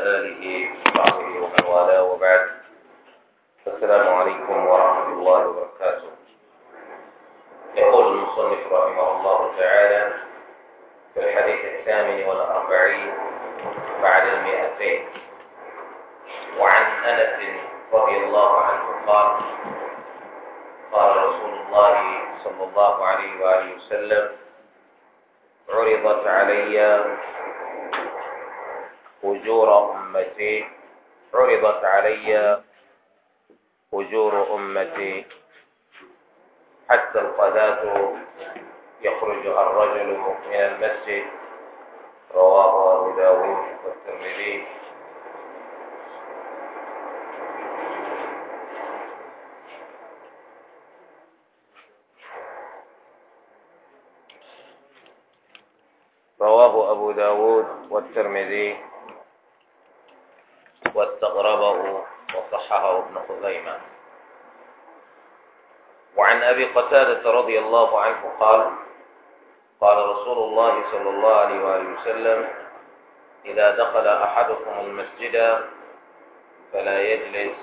آله وصحبه ومن والاه وبعد السلام عليكم ورحمة الله وبركاته يقول المصنف رحمه الله تعالى في الحديث الثامن والأربعين بعد المئتين وعن أنس رضي الله عنه قال قال رسول الله صلى الله عليه وآله وسلم عرضت علي أجور أمتي عرضت علي أجور أمتي حتى القذاة يخرجها الرجل من المسجد رواه أبو داود والترمذي رواه أبو داود والترمذي واستغربه وصححه ابن خزيمة وعن أبي قتادة رضي الله عنه قال قال رسول الله صلى الله عليه وآله وسلم إذا دخل أحدكم المسجد فلا يجلس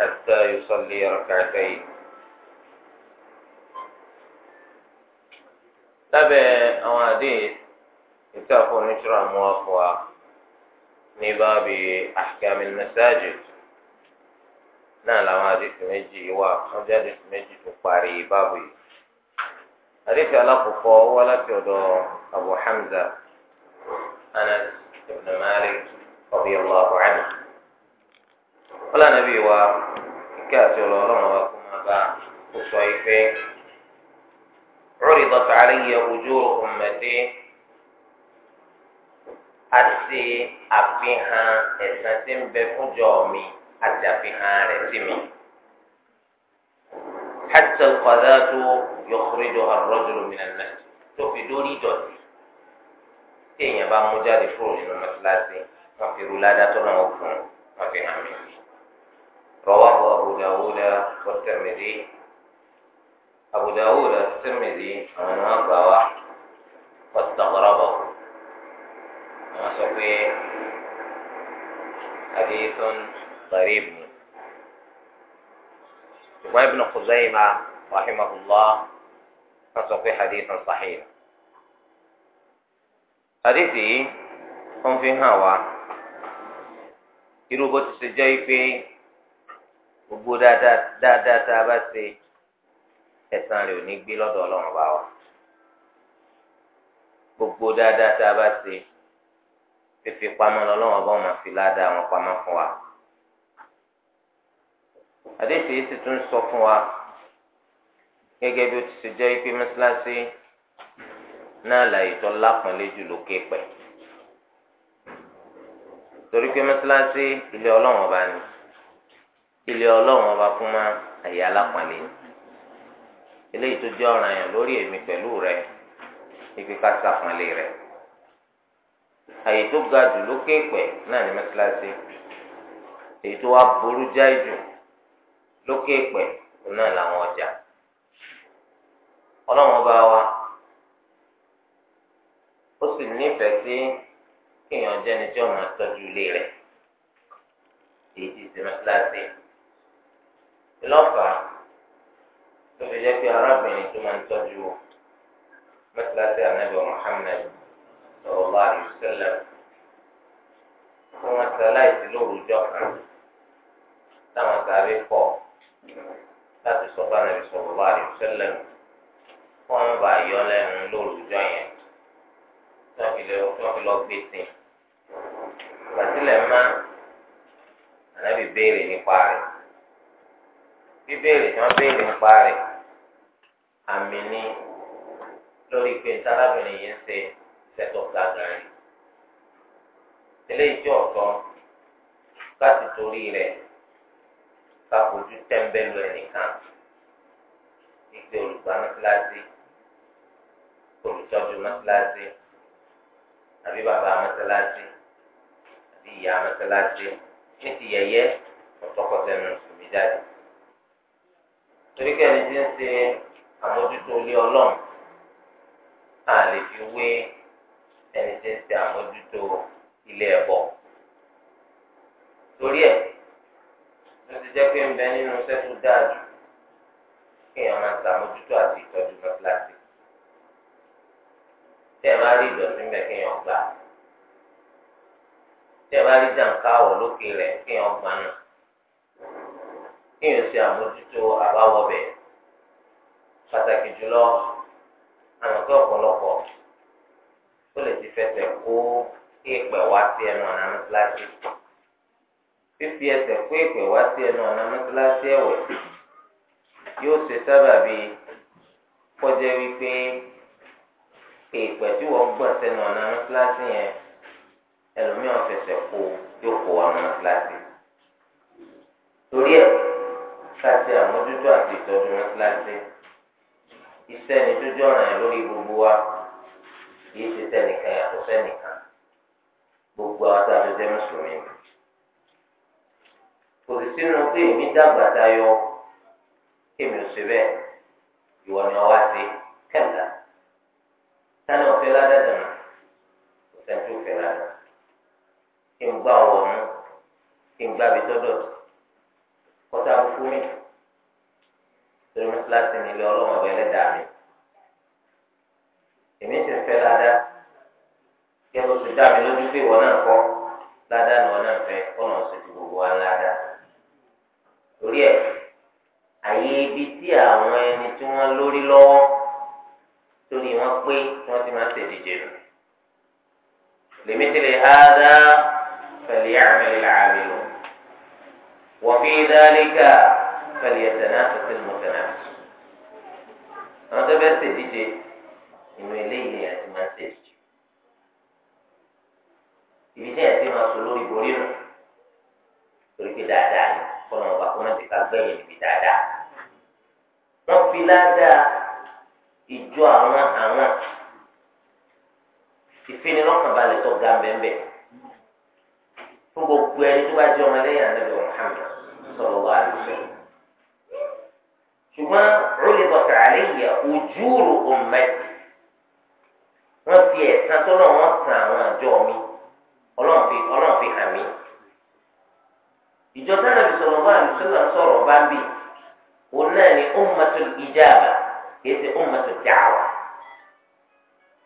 حتى يصلي ركعتين تابع أواديث يتأخذ نشرة موافقة Ni báàbí àkàmì mẹsáàgì náà na àdìsí na wà wọn jẹ àdìsí méjì tó parí báàbù yìí àdìsí alákòókò hamza anas ibn malik radiyallahu anhu ife. عرضت علي أجور àti àfihàn ẹ̀sán tí ń bẹ fúnjọ mi àti àfihàn rẹ̀ sí mi. حتى القذاة يخرجها الرجل من المسجد tó fi dórí ìdọ̀tí tí èèyàn bá mú jáde kúrò nínú mọ́sálásí wọn fi ru ládàtọ́ náà fún wọn fi hàn mí. رواه أبو داود والترمذي أبو داود والترمذي عن أبواه واستغرب حديث غريب ṣùgbọ́n خزيمة رحمه الله wọ́n في حديث صحيح. sahih hadith yìí wọ́n fi hàn wá irú bó ti ṣe jẹ́ pé gbogbo dáadáa tá a bá ṣe ẹ̀san rẹ̀ ò ní gbé lọ́dọ̀ ọlọ́run bá wa gbogbo dáadáa tá a bá ṣe fífi pamọ́ lọ́wọ́ bá wọn fi ládàá wọn pamọ́ fún wa. àdéhùn yìí sì tún sọ fún wa gẹ́gẹ́ bí ó ti ṣe jẹ́ pé mẹ́sàlásí náà làyè tó lápọ̀nlé jù lókè pẹ̀. torí pé mẹ́sàlásí ilé ọlọ́wọ́n ọba ni ilé ọlọ́wọ́n ọba fún ma àyè alápọ̀nlé eléyìí tó jẹ́ ọ̀ràn yẹn lórí èmi pẹ̀lú rẹ ìpè ká sàpọ̀nlé rẹ̀. àyè tó ga jù lókè pẹ̀ náà ní mẹ́tíláṣí èyí tó wá burú jáì jù lókè pẹ̀ náà làwọn ọjà ọlọ́run ọba wa ó sì nífẹ̀ẹ́ sí kéèyàn jẹ́ni tí ọmọ tọ́jú ilé rẹ̀ èyí ti ṣe mẹ́tíláṣí ìlọ́fàá tó fi jẹ́ pé arábìnrin tó sọ̀rọ̀ bá àrùn sẹ́lẹ̀ fún wọn sẹ́láìsì lórúkọ kan táwọn sáré pọ̀ láti sọ fún àrùn sọ̀rọ̀ bá àrùn sẹ́lẹ̀ fún wọn bá yọ lẹ́nu lórúkọ yẹn tí wọ́n fi lọ gbé sí i. Bàtílẹ̀ máa ànábì béèrè nípa rẹ̀ bíbéèrè tí wọ́n béèrè nípa rẹ̀ àmì ní lórí pé tálábìnrin yìí ń ṣe tẹ̀tọ̀ gbàgbà rí eléyìí tí ọ̀tọ̀ láti torí rẹ̀ ká fojú tẹ́ńbẹ́lú ẹnìkan ìgbé olùgbà mọ́tíláṣí olùtọ́jú mọ́tíláṣí àbí bàbá mọ́tíláṣí àbí ìyá mọ́tíláṣí ní ti yẹyẹ ọ̀tọ́kọ̀tẹ́ mùsùlùmí jáde torí kẹ́ni tí ń ṣe àmójútó ilé ọlọ́run a lè fi wé. ẹni tí ń ṣe àmójútó ilé ẹbọ torí ẹ ló ti jẹ́ pé ń bẹ nínú iṣẹ́ tó dáa jù kéèyàn máa ṣàmójútó àti ìtọ́jú mọ́tíláṣí tẹ́ ẹ bá rí ìdọ̀tí mẹ́ kéèyàn gbà tẹ́ ẹ bá rí jàǹkáwọ̀ lókè rẹ̀ kéèyàn gbà náà kéèyàn ṣe àmójútó àbáwọ̀ bẹ̀ pàtàkì jùlọ ó lè ti fẹsẹ̀ kó èèpẹ̀ wá sí ẹnu ọ̀nà mọ́tíláṣí fífi ẹsẹ̀ kó èèpẹ̀ wá sí ẹnu ọ̀nà mọ́tíláṣí ẹ̀wẹ̀ yóò ṣe sábàbí kọjá wípé èèpẹ̀ tí wọ́n gbọ̀n sẹ́nu ọ̀nà mọ́tíláṣí yẹn ẹlòmíràn fẹsẹ̀ kó yóò kó wá mọ́tíláṣí torí ẹ̀ káṣí àmójútó àti ìtọ́jú mọ́tíláṣí iṣẹ́ ni tó jọ̀ràn ẹ̀ lórí gbogbo wa kì í ṣe sẹ́nìkan yàtọ̀ sẹ́nìkan gbogbo àwọn tá a tó jẹ́ mùsùlùmí kò sì sínú pé èmi dàgbà tayọ kémi ò ṣe bẹ́ẹ̀ ìwọ ni ọwá sí kẹta tani ọ̀fẹ́ ládàjà nù ọ̀sẹ̀ tó fẹ́ ládà kí n gbá ọwọ́ mú kí n gbá bi tọ́dọ̀ kọ́tà fún mi torí mọ́sálásí mi lé ọ̀bẹ ẹlẹ́dàá mi èmi ti fẹ́ dáadáa kí ẹ bó ti dá mi lójú pé ìwọ náà kọ́ dáadáa ni wọn náà fẹ́ kọ́nà ọ̀sẹ̀ ti gbogbo wa dáadáa torí ẹ̀ àyè ibi tí àwọn ẹni tí wọ́n lórí lọ́wọ́ torí wọ́n pé wọ́n ti máa ń tẹ̀díje nù lèmi ti lè ha dá pẹ̀lú àmì làálẹ̀ lọ wọ́n fi dáríkà pẹ̀lú ẹ̀tẹ̀ náà tó ti mú tẹ̀ náà àwọn tó bẹ́ẹ̀ tẹ̀díje inú eléyìí ni àti máa ń ṣe jù ibi tí ẹ̀ ti máa sọ lórí borí nù torí pé dáadáa ni kọ́nà ọba kọ́nà ti ká gbẹ̀yìn níbi dáadáa wọ́n fi ládàá ìjọ àwọn àwọn ìfinilọ́kànbalẹ̀ tó ga bẹ́ẹ̀ fún gbogbo ẹni tó bá jẹ́ ọmọ lẹ́yìn àdébẹ̀ Muhammad sọ̀rọ̀ wà lùsẹ̀. ṣùgbọ́n rólẹ̀ bọ̀tà àlẹ́ yẹ ojúùrù ọ̀mẹ́tì wọ́n fi ẹ̀san tó náà wọ́n san àwọn àjọ mi ọlọ́run fi ọlọ́run fi hàn mí. ìjọ táwọn ìsọ̀rọ̀ bá àlùsọ̀rọ̀ sọ̀rọ̀ bá ń bì òun náà ni ummatul ijaba kìí ṣe ummatul da'wa.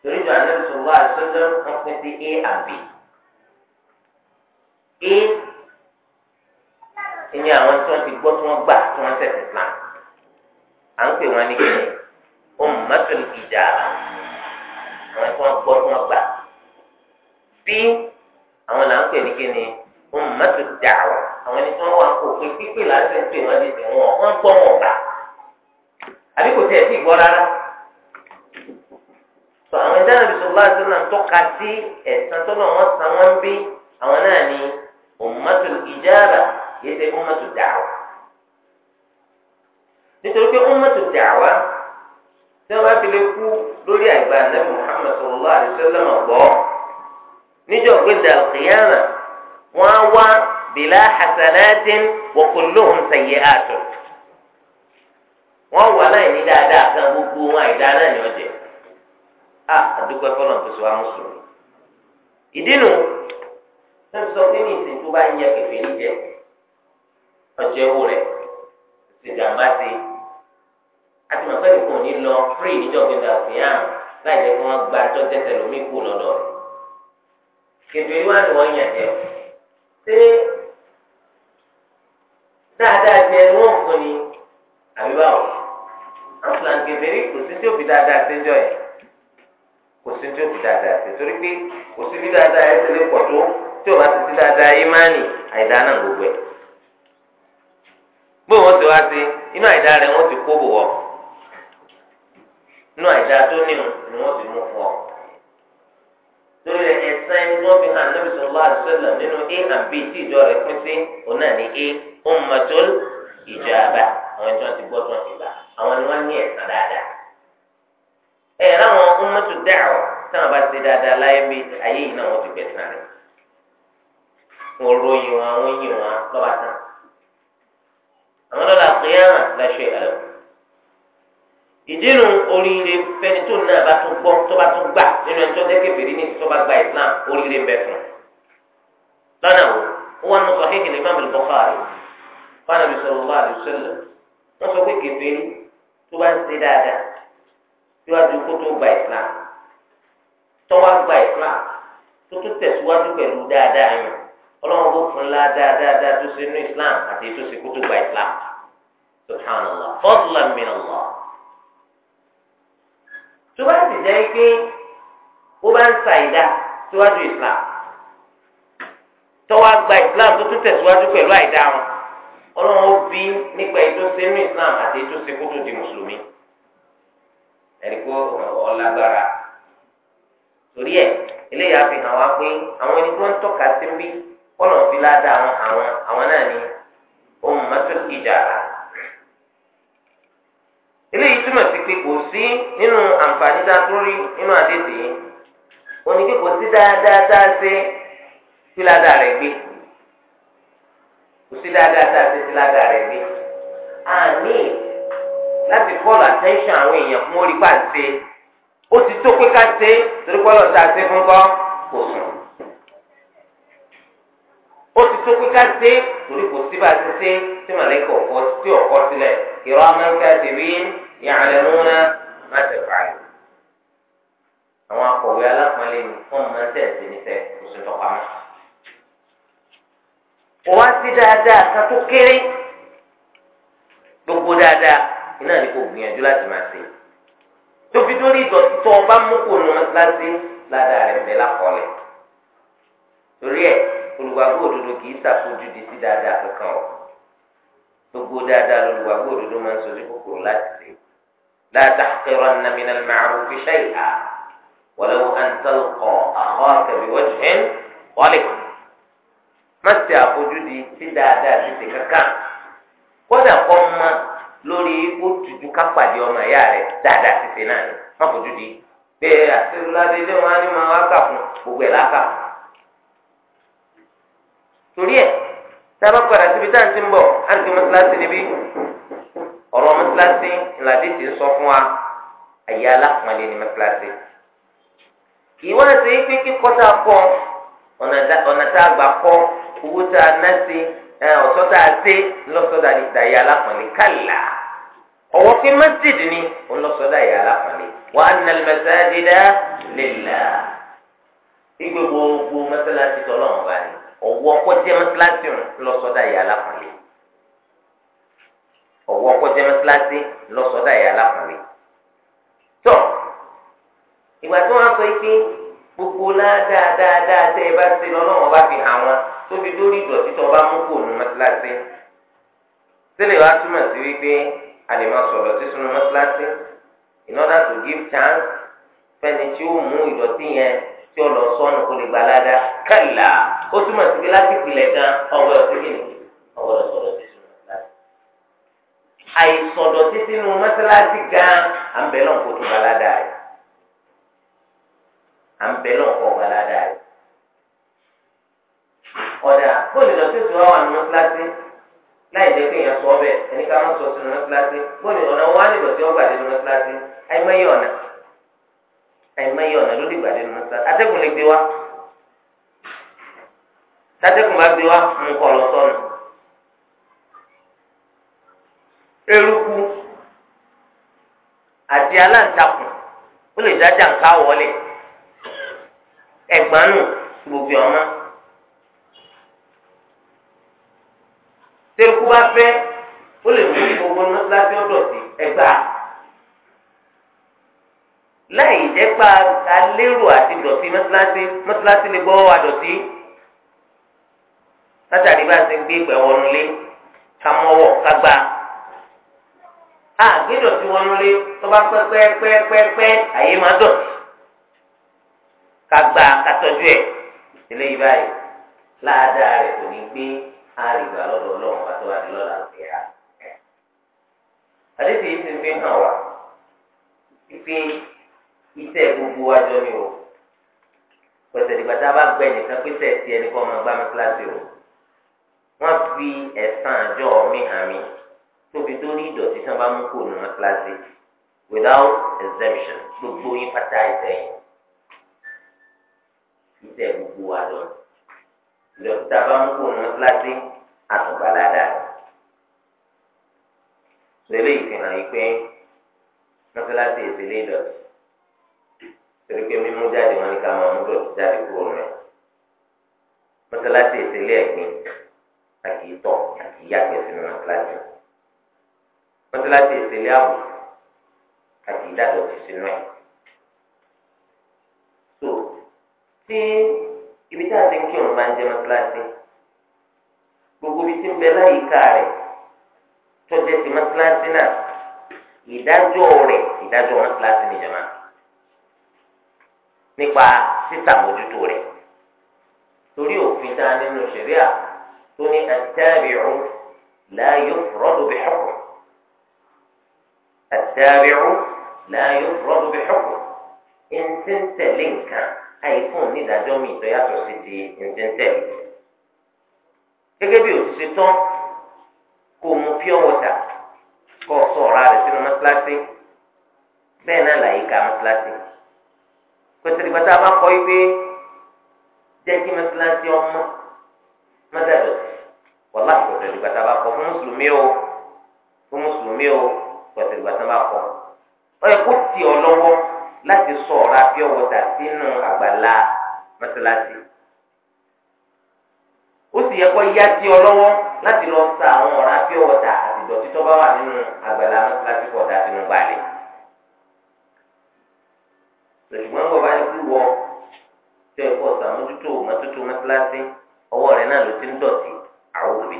torí ìjọ àlẹ́ ìsọ̀rọ̀ bá àlùsọ̀rọ̀ wọ́n pín sí a and b. a àwọn tí wọ́n ti gbọ́ tí wọ́n gbà tí wọ́n tẹ̀sí plan. à ń pè wọ́n ní kí ni àwọn tí wọ́n gbọ́ wọ́n gbà bí àwọn là ń pè ní kíni àwọn ẹni tí wọ́n pé pípé láti ń pè wọ́n wọ́n gbọ́ wọn gbà àbí kò sí ìgbọ́ rárá àwọn náà láti náà tọ́ka sí ẹ̀sán tó náà wọ́n wọ́n bí àwọn náà ni ummatu ijaba yẹ nítorí pé tí wọn fi lè kú lórí àgbà anabi muhammed sallallahu alaihi wasallam gbọ níjọ gbẹdẹ wọn á wá bila hasanatin wa kulluhum sayyi'atun wọn wà láì ní dáadáa kan gbogbo wọn àìdá náà ni ọjẹ a àdúgbò ẹfọ náà tó àwọn ìdínú sọ ìsìn tó bá ń àti màpẹ́ nìkan ní lọ fúrì níjọ́ gbẹ̀dà òkèèyàn láì jẹ́ kí wọ́n gba tó tẹ̀sẹ̀ lómi kú lọ́dọ̀ rẹ̀. kẹfẹ́ wá ni wọ́n yàn jẹ́ ṣé dáadáa jẹ́ ni wọ́n fún ni àbí báwo aslan kẹfẹ́ kò sí tí ó dáadáa ṣe jọ ẹ̀ kò sí tí ó dáadáa ṣe torí pé kò sí bí dáadáa lè pọ̀ tó tí o bá ti ti dáadáa ìmánì àìdá náà nínú àìdá tó níwò ni wọ́n fi mú fún ọ. torí rẹ ẹ̀sán ẹni tí wọ́n hàn Nabi sallallahu alaihi nínú a and b tí ìjọ rẹ̀ pín sí òun náà ní a ummatul أخاك بوجه ظالم má ti àfojúdi tí dáadáa ti ti kankan kódà kọ́ ma lórí ó tutù ká pàdé ọmọ ìyá rẹ dáadáa ti ti náà ni má fojúdi bẹ́ẹ̀ àtẹ̀léládé ní wọn á ní máa wá kà fún gbogbo ẹ̀ láka torí ẹ̀ sábà padà síbi tá à ń ti ń bọ̀ á ń ti mọ́sálásí níbí ọ̀rọ̀ mọ́sálásí ìlàdí ti ń sọ fún wa àyè alákùnrin ní mọ́sálásí kì í wá ṣe é pé kíkọ́ tá a kọ́ ọ̀nà tá a gbà kọ́ owó tá a ná sí ọ̀ṣọ́ tá a ṣe lọ́sọ̀dà dàyà alápọ̀nlé kàlà ọ̀wọ́ pé masjid ni òun lọ́sọ̀dà yà alápọ̀nlé wa anna al-masajida lillah igbe gbogbo mọ́sálásí tọ́lọ́run bá ní ọ̀wọ́ kọjá mọ́sálásí lọ́sọ̀dà yà alápọ̀nlé ọ̀wọ́ kọjá mọ́sálásí lọ́sọ̀dà yà alápọ̀nlé tọ́ ìgbà tí wọ́n sọ pé gbogbo ládáadáa tẹ́ ẹ bá ṣe lọ́lọ́wọ́n bá fi hàn wọn tó fi dórí ìdọ̀tí tó bá mú kò nù mọ́tíláṣí. sílẹ̀ wá túmọ̀ sí wípé a lè máa sunu mọ́tíláṣí in order to give chance fẹ́ni tí ó mú ìdọ̀tí yẹn tí ó lọ sọ́nù kó lè gba ládá kàlà ó túmọ̀ sí pé láti ìpìlẹ̀ gan ọwọ́ ọtí kìíní ọwọ́ ọ̀sọ̀rọ̀ sí sunu mọ́tíláṣí. àìsọ̀dọ̀tí sínú mọ́tíláṣí gan àǹbẹ̀lọ̀ kò tó gba ládá rẹ̀. a ń bẹ ọkọ ọ̀gbàládà rẹ̀. ọ̀dà bóyá ìdọ̀tí tí wọ́n wà nínú kíláàsì láì sọ ẹni ká sọ kíláàsì bóyá wọn á nínú kíláàsì àìmọye ọ̀nà àìmọye ọ̀nà ló lè wa bá gbé wa lọ sọnù eruku àti aláǹtakùn ó lè dájà egbanu nù gbogbo ọmọ. tẹ́lifù bá fẹ́ ó lè mú gbogbo mọ́sálásí ọ̀dọ̀ sí ẹgbàá. láì pa alérò àti dọ̀tí mọ́sálásí mọ́sálásí lè gbọ́ wa látàrí bá a ṣe gbé ìgbà wọnúlé ká mọ́wọ́ ká gbà. àgbédọ̀tí wọnúlé kagbá katọ́jú ẹ̀ eléyìí báyìí láàdáa rẹ̀ kò ní gbé àrìgbà lọ́dọ̀ ọlọ́run àti wàdí lọ́la òkè ha. àdéhùn yìí ti fi hàn wá pípé iṣẹ́ gbogbo wájọ ni o pẹ̀sẹ̀ ìgbà tá a bá gbẹ nìkan pé sẹ̀tì ẹni kọ́ máa gbá mi kíláàsì o wọ́n fi ẹ̀sán àjọ mi hàn mí tóbi tó rí ìdọ̀tí tí wọ́n bá mú kó nù wọn kíláàsì without exemption gbogbo yín pátá ìtẹ̀yìn iṣẹ́ gbogbo wa lọ ìdọ̀tà bá ń kó wọn láti àtùgbàládà sọlẹ ìfihàn yìí pé mọ́sálásí ìṣẹ̀lẹ̀ ìdọ̀tí torí pé mímú jáde wọn ni ká máa mú dọ̀tí jáde kúrò rẹ̀ mọ́sálásí ìṣẹ̀lẹ̀ ẹ̀gbin àti ìtọ̀ àti ìyàgbẹ́ sínú mọ́sálásí mọ́sálásí ìṣẹ̀lẹ̀ ààbò àti ìdádọ̀tí sínú ẹ̀. tí ibi tí a ti ń kírun máa ń jẹ mọ́sálásí gbogbo ibi tí ń bẹ láyìíká rẹ̀ tọ́jú ti mọ́sálásí náà ìdájọ́ rẹ̀ ìdájọ́ mọ́sálásí nìjọba nípa sísàmójútó rẹ̀ torí òfin tá a nínú ṣẹ̀ríà tó ní àtàbíyù la yufradu bi hukm àtàbíyù la yufradu bi hukm ẹ̀ ń tẹ̀lé nǹkan àìkún onídàájọ́ mi ìtọ́ yàtọ̀ sí ti ǹjẹ́ntẹ́ gẹ́gẹ́ bí òṣìṣẹ́ tán kó mu pure water kó sọ ọ̀rá rẹ̀ sínú mọ́tíláṣí bẹ́ẹ̀ náà làyíká mọ́tíláṣí pẹ̀tẹ́lẹ́gbẹ́ tá a bá kọ́ wípé jẹ́ kí mọ́tíláṣí ọmọ mọ́tẹ́lẹ̀ wọ́lá pẹ̀tẹ́lẹ́gbẹ́ tá a bá kọ́ fún mùsùlùmí o fún mùsùlùmí o pẹ̀tẹ́lẹ́gbẹ́ tá a bá kọ́ ọ láti sọ ọ̀rá pure water sínú àgbàlá mọ́sálásí. ó sì yẹ kó yá sí ọ lọ́wọ́ láti lọ sa àwọn ọ̀rá pure water àti ìdọ̀tí tó bá wà nínú àgbàlá mọ́sálásí kọ̀ dá sínú balẹ̀. ṣùgbọ́n bàbá kú wọ sàmójútó mọ́tótó ọwọ́ rẹ̀ náà ló ti ń dọ̀tí àwọn òbí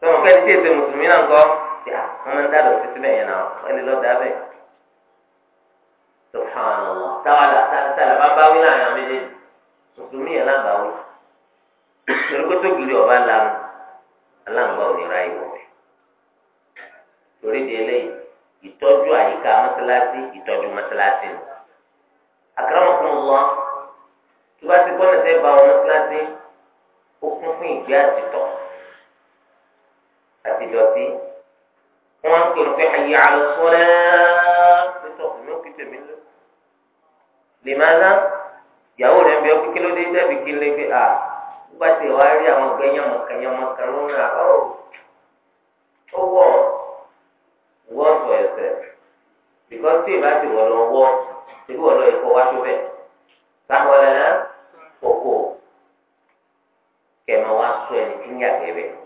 sọmọ pé ẹni tí èsè mùsùlùmí náà ń kọ́ yà wọ́n máa ń dàdọ̀ títí bẹ́ẹ̀ yẹn náà wọ́n lè lọ dá bẹ́ẹ̀. subhanallah táwa tààlà bá báwí láàrin àwọn méjèèjì mùsùlùmí yẹn lábàáwí torí kó tó giri ọba lanu aláǹgbá ò ní ra ìwọ̀ rẹ̀ torí di eléyìí ìtọ́jú àyíká mọ́sálásí ìtọ́jú mọ́sálásí ni akramakumullah tí wàá ti gbọ́dọ̀ àti dọ̀tí wọn ń pèrò pé ayé àlùfọ́lẹ́ pẹ̀tọ́ ìmọ̀ kìtẹ̀ mi lọ. lèmọ́nà ìyàwó rẹ̀ ń bẹ ọkọ̀ kí ló dé dẹ́bi kí lè gbé a ah, nígbà tí wàá rí àwọn ọ̀gá yànmọ̀kà yànmọ̀kà ló ń ra ọ́ oh, ó wọ̀ wọ́ for tí ìbá ti wọ̀ lọ wọ́ ṣébí wọ̀ lọ tó bẹ̀ sáwọ́ lẹ́nà kókó kẹ̀mọ́ wá sọ ẹni tí ń yàgbẹ́ bẹ́ẹ̀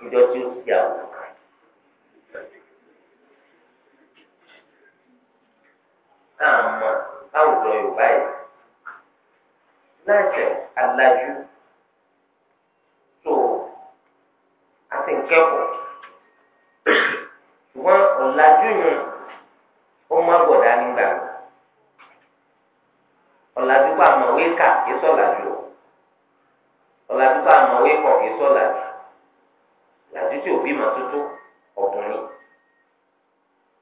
níjọ́ tí ó ti àwọn kan. àmọ́ àwùjọ yorùbá yìí láìsẹ̀ alájú tó àti nkẹ́kọ̀ọ́ ṣùgbọ́n ọ̀làjú yẹn ó má gbọ̀dá nígbà ọ̀làjú pa àmọ̀wé kà kí sọ̀làjú ọ̀làjú pa àmọ̀wé kọ̀ kí sọ̀làjú yàtí tí òbí máa tótó ọkùnrin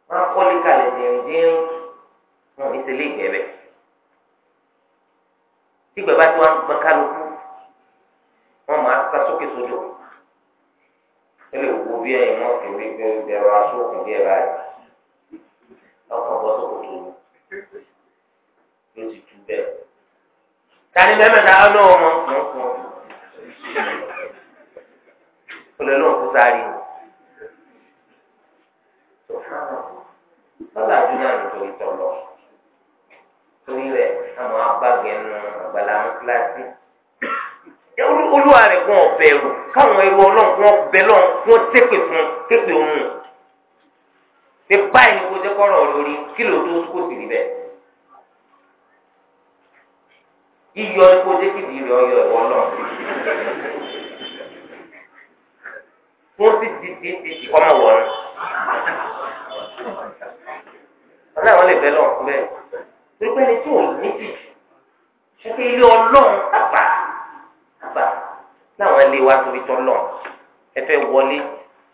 máa kọ́lé kalẹ̀ dìrìndìrìn wọn ní tẹ́lẹ̀ ìgbẹ́bẹ́ tí gbẹ̀bá tí wọ́n gbọ́n kálukú wọ́n máa sá sókè sódò ó lè wo bí ẹyin wọn fi rí pé ẹ̀rọ asókùn díẹ̀ báyìí ọkọ̀ bọ́ sókò tó lù ló ti tú bẹ́ẹ̀. tani bẹ́ẹ̀ ọlọ́wọ́ mọ̀ ń kún un. olè náà kú sáré lọ́la ju náà nítorí tọ̀lọ̀ torí rẹ̀ àwọn abágẹnu àgbàlá ń kíláàsì olúwa rẹ̀ kún ọ̀bẹ rò káwọn ẹrú ọlọ́run kún ọbẹ̀ lọ́run kún tẹ́pẹ̀ fún tẹ́pẹ̀ òun ṣe báyìí ni kò jẹ́ kọ́rọ̀ lórí kí ló tó kó sì rí bẹ́ẹ̀ yíyọ ni kò jẹ́ kìdí rẹ̀ ọyọ ẹ̀wọ̀ náà kó ti ti ti ti ti kọ́ máa wọ̀ ọ́n. wọn náà wọn lè bẹ lọ bẹ́ẹ̀ pípé ni tí ò ní ti ṣẹ́kẹ́ ilé ọlọ́run àgbà àgbà láwọn ilé wa tóbi tọ́ lọ ẹ fẹ́ wọlé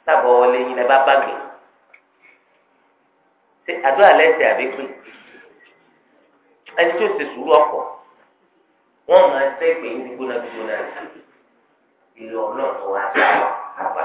sábà wọlé yín lẹ́ bá bàgbé ṣe àdúrà lẹ́sẹ̀ àbí pé ẹni tó ṣe sùúrù ọ̀pọ̀ wọ́n máa ń sẹ́gbẹ̀ẹ́ gbígbóná gbígbóná ìlú ọ̀nà tó wá àbá.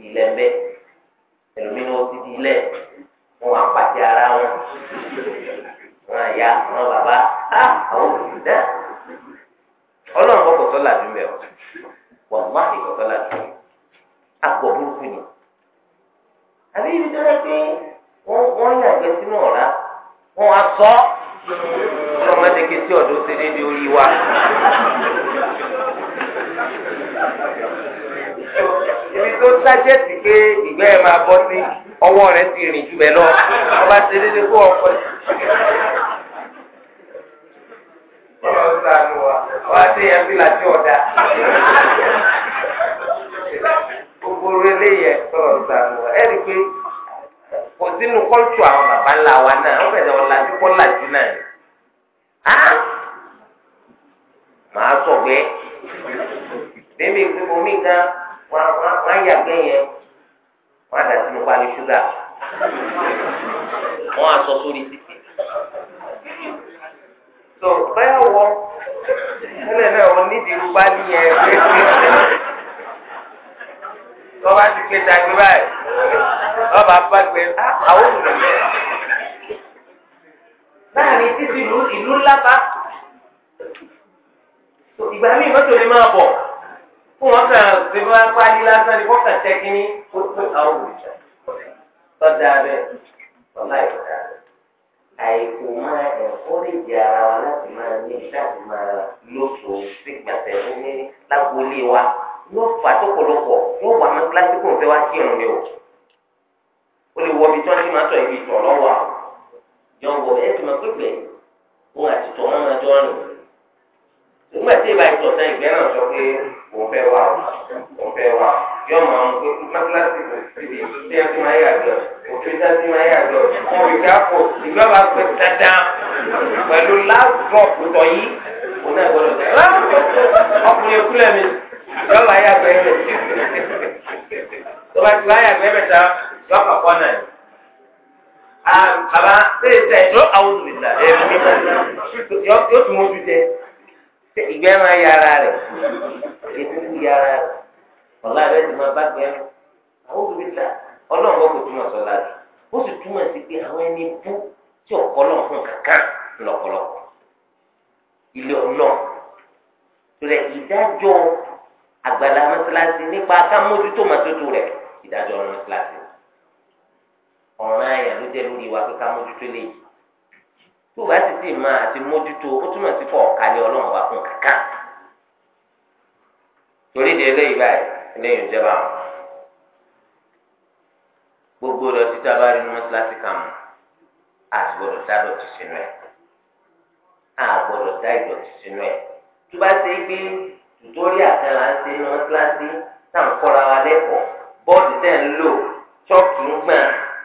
di mbe, ń bẹ́ ẹlòmínú ó ti di wọn ara wọn wọn àyà wọn bàbá á àwọn òbí dá ọlọ́run kọ́kọ́ sọ́là dùn bẹ́ẹ̀ wọ́n má fi kọ́ sọ́là dùn burúkú ibi tó pé sínú ọ̀rá sí ṣe wa. ibi tó sájẹ́tì pé ìgbẹ́ ẹ̀ máa bọ́ sí ọwọ́ ti rìn jù bẹ́ẹ̀ lọ wọ́n ṣe déédéé kó ọkọ̀ sí. ọlọ́run sànù wa wọ́n á yẹn bí láti ọ̀dà gbogbo eléyẹ sọ̀rọ̀ sànù wa ẹ̀rí pé kò sínú kọ́ńtù àwọn bàbá ńlá wa náà wọ́n fẹ̀sẹ̀ wọn kọ́ náà wọ́n á yàgbé yẹn wọ́n á dà sínú pali ṣúgà wọ́n á sọ sórí títì. tó báyà wọ tẹ́lẹ̀ náà wọ́n nídìí irú pali yẹn tó bá ti gbé tagi báyìí wọ́n bá bá gbé àwọn olùdókòwò láàrin títí ìlú ńlá bá ìgbà míì mọ́tò lè máa bọ̀ kó wọn kàn ṣe bí wọn pálí lásán ni wọn kàn tẹ kínní tó tó àwọn òrìṣà tọ́jà abẹ tọ́lá ìfọ̀dà àìkú máa ẹ̀fọ́rẹ́jì ara wa láti máa ní láti máa lóṣù sígbàtẹ̀ ní lágbólé wa yóò fà tó pọ̀lọpọ̀ yóò wà ní kíláàsìkò nfẹ́ wá sí ìrùn ni o ó lè wọ ibi tí wọ́n ti máa tọ̀ ibi ìtọ̀ lọ́wọ́ àwọn jọ ń wọ ẹ̀ tó máa pépè òun àti tọ̀ wọn máa jọ rìn nígbà tí ìbá ìtọ̀ sẹ́yìn gbẹ́ náà sọ pé mo fẹ́ wà o mo fẹ́ wà yóò máa mú pé mọ́tíláṣí ìdí tí a ti máa yà jọ òfin tí a ti máa yà jọ mo rí káfọ ìgbà bá pẹ dandan pẹ̀lú last drop tọ̀ yìí mo náà gbọ́dọ̀ jẹ́ ọkùnrin ìkúlẹ̀ mi yóò máa yà gbẹ́ rẹ̀ tó bá ti wá yà gbẹ́ mẹ́ta yóò kà kọ́ náà àbá ṣe é sẹ́yìn ló àwọn olùdíje yóò tún mójú jẹ ṣé ìgbẹ́ máa yára rẹ̀ ètùtù yára rẹ̀ ọ̀la rẹ̀ ti máa bá gbẹ́ àwọn obìnrin ta ọlọ́run kò túmọ̀ sọ́la rẹ̀ ó sì túmọ̀ sí pé àwọn ẹni bú tí ọ̀pọ̀lọ̀ fún kankan lọ́pọ̀lọpọ̀ ilé ọlọ́run rẹ̀ ìdájọ́ àgbàlá mọ́sálásí nípa akámójútó mọ́tótó rẹ̀ ìdájọ́ mọ́sálásí ọ̀ràn àyàn ló jẹ́ lórí wa pé kámójútó léyìí tó bá sì ti máa àti mójútó ó túmọ̀ sí fọ ọ̀kalẹ̀ ọlọ́run wa fún kankan torí di eléyìí báyìí eléyìí ń jẹba àwọn gbogbo rẹ títa bá rí nínú kíláàsì kan mọ àgbọ́dọ̀ dá dọ̀tí sínú ẹ àgbọ́dọ̀ dá ìdọ̀tí sínú ẹ tó bá ṣe é pé nítorí àtàlà ń ṣe nínú kíláàsì táwọn kọ́ra wa lẹ́kọ̀ọ́ bọ́ọ̀dù tẹ̀ ń lò ṣọ́ọ̀kì ń gbà.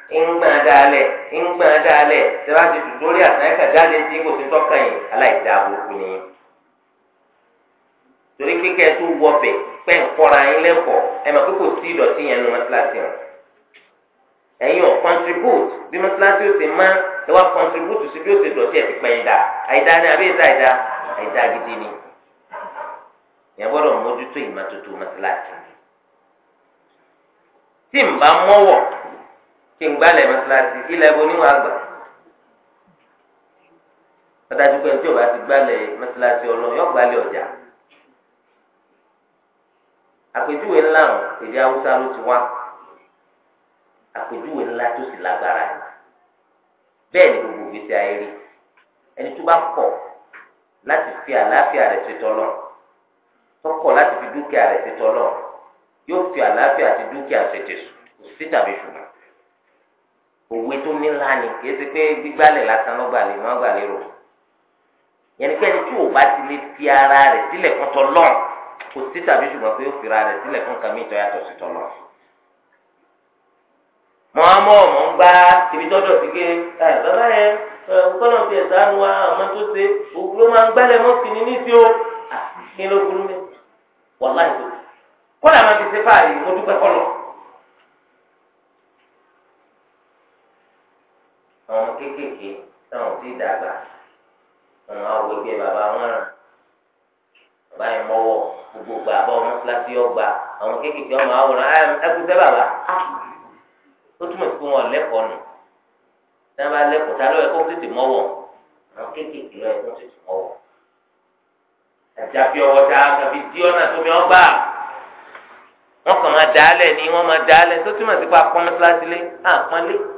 ńgbà dalẹ̀ ńgbà dalẹ̀ tẹ́lá ti dùn lórí àtàkà jáde tí kò sí tọ́ka yìí aláìdá burúkú ni. torí kíkẹ́ tó wọbẹ̀ pẹ́ ńkọ́ra yín lẹ́kọ̀ọ́ ẹ mọ̀ sí ìdọ̀tí yẹn nu o, contribute bí mọ́tíláṣí ó ti má ẹ wá contribute sí bí ó ti dọ̀tí ẹ̀ ti pẹ́ yín da àìdá ni àbí ìdá àìdá àìdá gidi ni. mójútó tí kí n gbálẹ̀ mọ́sálásí ilẹ̀ ibo níwọ̀n àgbà adájú pé tí o bá ti gbálẹ̀ mọ́sálásí ọlọ́run yóò gbálẹ̀ ọjà àpèjúwe ńlá ọ̀ èdè haúsá ló ti wá àpèjúwe ńlá tó sì lágbára bẹ́ẹ̀ ni gbogbo gbèsè ayé rí ẹni tó bá kọ̀ láti fi àlàáfíà rẹ̀ ṣe tọ́lọ̀ tó kọ̀ láti fi dúkìá rẹ̀ ṣe tọ́lọ̀ yóò fi àlàáfíà àti dúkìá ṣe tẹ̀sùn sí tàbí ṣùgbọ́n òwe tó nílá ni kìí ṣe pé gbígbálẹ̀ lásán ló gbàlè má gbàlè rò yẹnni pé ẹni tí ò bá ti lè fi ara rẹ̀ sílẹ̀ fún tọ́lọ́ kò sí tàbí ṣùgbọ́n pé ó fi ara rẹ̀ sílẹ̀ fún kàmí ìtọ́ yàtọ̀ sí tọ́lọ́ mọ amọ mọ ń gbá ibi tọdọ sí ké ẹ bàbá yẹn ọkọlọ ti ẹsẹ anu wa àmọ́ tó ṣe òkú ló máa ń gbálẹ̀ mọ sí ni ní sí o kí ló burú mi wàláì tó kó ọmọ kéékèèké táwọn ti dàgbà ọmọ awẹgbẹ bàbá wọn rà bàbá yẹn mọwọ gbogbo gbà bọ ọmọ kíláàsì ọgbà ọmọ àwòrán ẹ bàbá ó túmọ̀ sí pé wọn lẹ́kọ̀ọ́ nù bá lẹ́kọ̀ọ́ tá kó tètè kó tètè ọwọ́ dí ọ̀nà wọn kàn máa ni wọn máa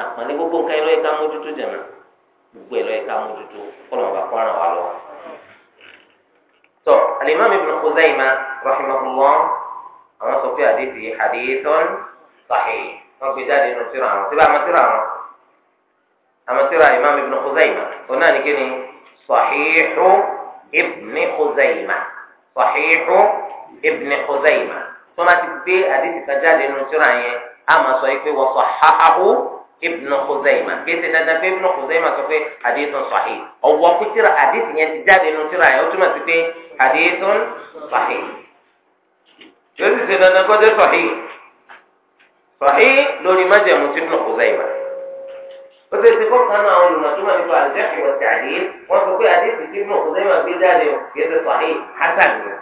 àpọ̀n ní gbogbo nǹkan ẹ̀rọ ẹ̀ka mójútó jẹ̀mọ́ gbogbo ẹ̀rọ ẹ̀ka mójútó kọ́nà ọba kọ́ ràn wá lọ. tọ́ alimam ibn Khuzaimah rahimahullah àwọn sọ pé àdéhùn yìí hadithun sahih wọ́n gbé jáde nínú síra àwọn síbẹ̀ àmọ́ síra àwọn àmọ́ síra imam ibn Khuzaimah òun náà ní kí ni sahihu ibn Khuzaimah sahihu ibn Khuzaimah tó máa ti gbé àdéhùn ibn Khuzaimah kéde dandan pé ibn Khuzaimah sọ pé hadithun sahih ọwọ́ kútìrà hadith yẹn ti jáde nínú tírà yẹn ó túmọ̀ sí pé hadithun sahih yóò sì ṣe dandan kó dé sahih sahih lórí májẹ̀mú tí ibn Khuzaimah ó ṣe ti kọ́kọ́ náà àwọn olùmọ̀túmọ̀ nípa àdéhùn ọ̀sẹ̀ àdéhùn wọ́n sọ pé àdéhùn tí ibn Khuzaimah gbé jáde kéde sahih hasan ni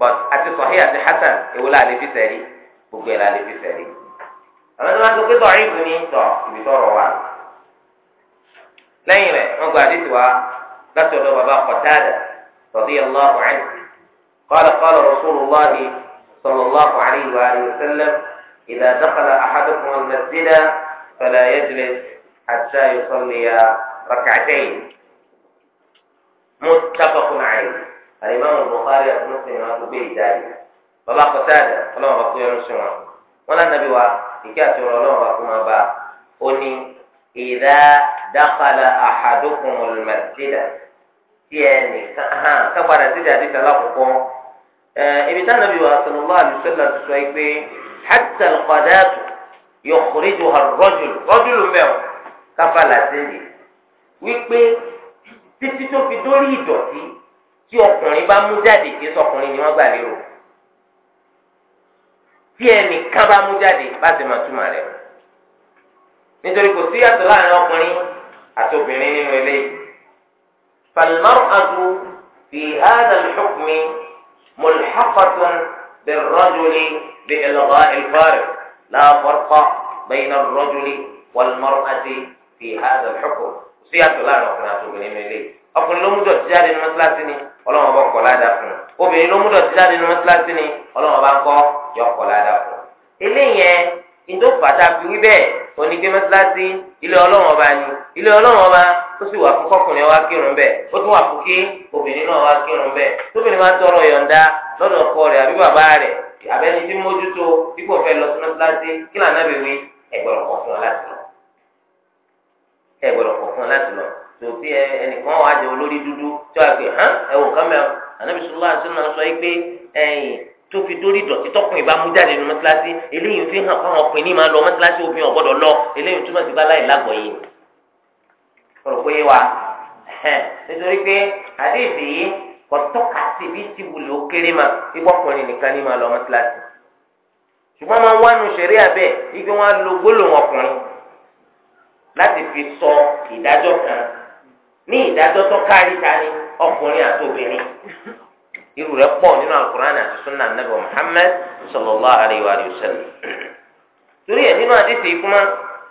but àti sahih àti hasan èwo la lè fi sẹ́rí gbogbo ẹ̀ la sẹ́rí. àwọn tó bá sọ pé tọ̀rí ìlú ní tọ̀ ibi tọ̀rọ̀ wà. lẹ́yìn rẹ̀ wọ́n gba àdìsí wa láti ọ̀dọ̀ bàbá Qatada radiyallahu anhu qala qala rasulullah sallallahu alayhi wa sallam idha dakhala ahadukum al-masjida fala yajlis hatta yusalliya rak'atayn muttafaqun alayhi alimami Bukhari àti Muslim wọn kò gbé ìdáyé bàbá Qatada ọlọ́wọ́n bá kó yẹn lọ́sùn wọn wọn lánàá bí wa. ìkí àti ọ̀rọ̀ ọlọ́run bá kó máa bá a ó ní ìdá dákàlà àhàdókùn olùmọ̀sídà tí ẹ nìkan hàn kápadà sídà àdìsá lákòókò ibi táwọn ibi wà sallallahu alaihi wasallam sọ yìí pé hatta alqadatu yukhrijuha ar-rajul rajul mẹ́wọ̀ kápadà sídì wípé títí tó fi dórí ìdọ̀tí tí ọkùnrin bá mú jáde kí sọkùnrin ni wọ́n gbà lérò. tí ẹnì kan bá mú jáde láti máa túmọ̀ rẹ̀ nítorí kò sí yàtọ̀ láàrin ọkùnrin àti obìnrin nínú ilé adu fi eléyìí. فالمرأة في هذا الحكم ملحقة بالرجل بإلغاء الفارق لا فرق بين الرجل والمرأة في هذا kò sí yàtọ̀ láàrin ọkùnrin àti obìnrin nínú eléyìí ọkùnrin ló mú dọ̀tí jọ ní mọ́tíláṣí ni ọlọ́wọ́n bá kọ̀ ládàá fún un obìnrin ló mú dọ̀tí jáde nínú mọ́tíláṣí ni ọlọ́wọ́n bá ń kọ́ yọ kọ̀ ládàá fún un eléyẹn ìdó fi wí bẹ́ẹ̀ ilé ọlọ́wọ́n bá ní ilé ọlọ́wọ́n bá ó sì wà fún kọkùnrin wa kírun bẹ́ẹ̀ wà fún kí obìnrin náà kírun bẹ́ẹ̀ tóbìnrin máa tọrọ yọ̀ǹda lọ́dọ̀ ọkọ rẹ̀ àbí bàbá rẹ̀ àbẹ́ni tí mójútó tòkí ẹ ẹnìkan wà jẹ olórí dúdú tí wàá pè hàn ẹwọ kámẹ anabi sọlá àti sọlá sọ yìí pé ẹyìn tó fi dórí dọ̀tí tọkùnrin bá mú jáde nínú mọ́tíláṣí eléyìí fi hàn fáwọn ọkùnrin ní máa lọ mọ́tíláṣí obìnrin ọ̀gbọ́dọ̀ lọ eléyìí túmọ̀ sí báláì lágbọ̀ yìí rò pé wa nítorí pé àdéhìí yìí kò tọ́ka sí bí ti wulẹ̀ ó kéré ma ipò ọkùnrin nìkan ní máa lọ mọ́tíláṣí ṣùgbọ́n máa ń wá nu ṣẹ̀rí àbẹ́ igi wọn lo gbólóhùn ọkùnrin láti fi sọ ìdájọ́ kan ní ìdájọ́ tó kárí tani ọkùnrin àti obìnrin irú rẹ̀ pọ̀ nínú alukur'an àti sunnah nabi muhammed sallallahu alayhi wa sallam torí ẹ̀ nínú àdìsí ìkúmá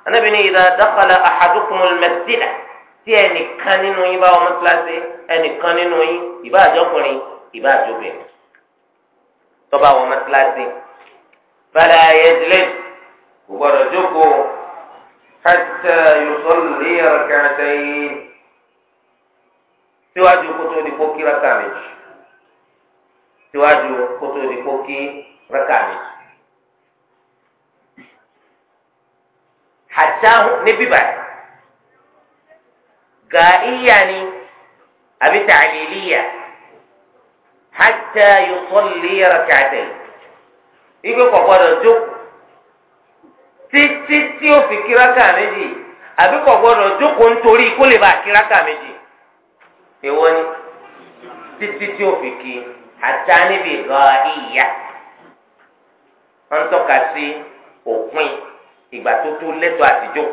anabi ni idha dakhala ahadukumul masjida tí ẹnìkan nínú yín bá ọmọ kíláàsì ẹnìkan nínú yín ìbá àjọkùnrin ìbá àjọbìnrin tó bá ọmọ kíláàsì fala yajlis kò gbọdọ̀ jókòó hatta yusalli rak'atayn. síwájú kótó di kókí rákà méjì síwájú di kókí rákà méjì. hàtàhù níbí báyìí gàáyà ni àbí tàlílíyà hàtà yusalli rákàtẹ̀ igbe kò gbọdọ̀ jókòó títí tí ó fi kí méjì àbí kò gbọdọ̀ jókòó nítorí kó lè bá méjì. èwo ni títí tí ó fi kí ata níbi gan ìyá wọn tọ́ka sí òpin ìgbà tó tó lẹ́tọ̀ àtijọ́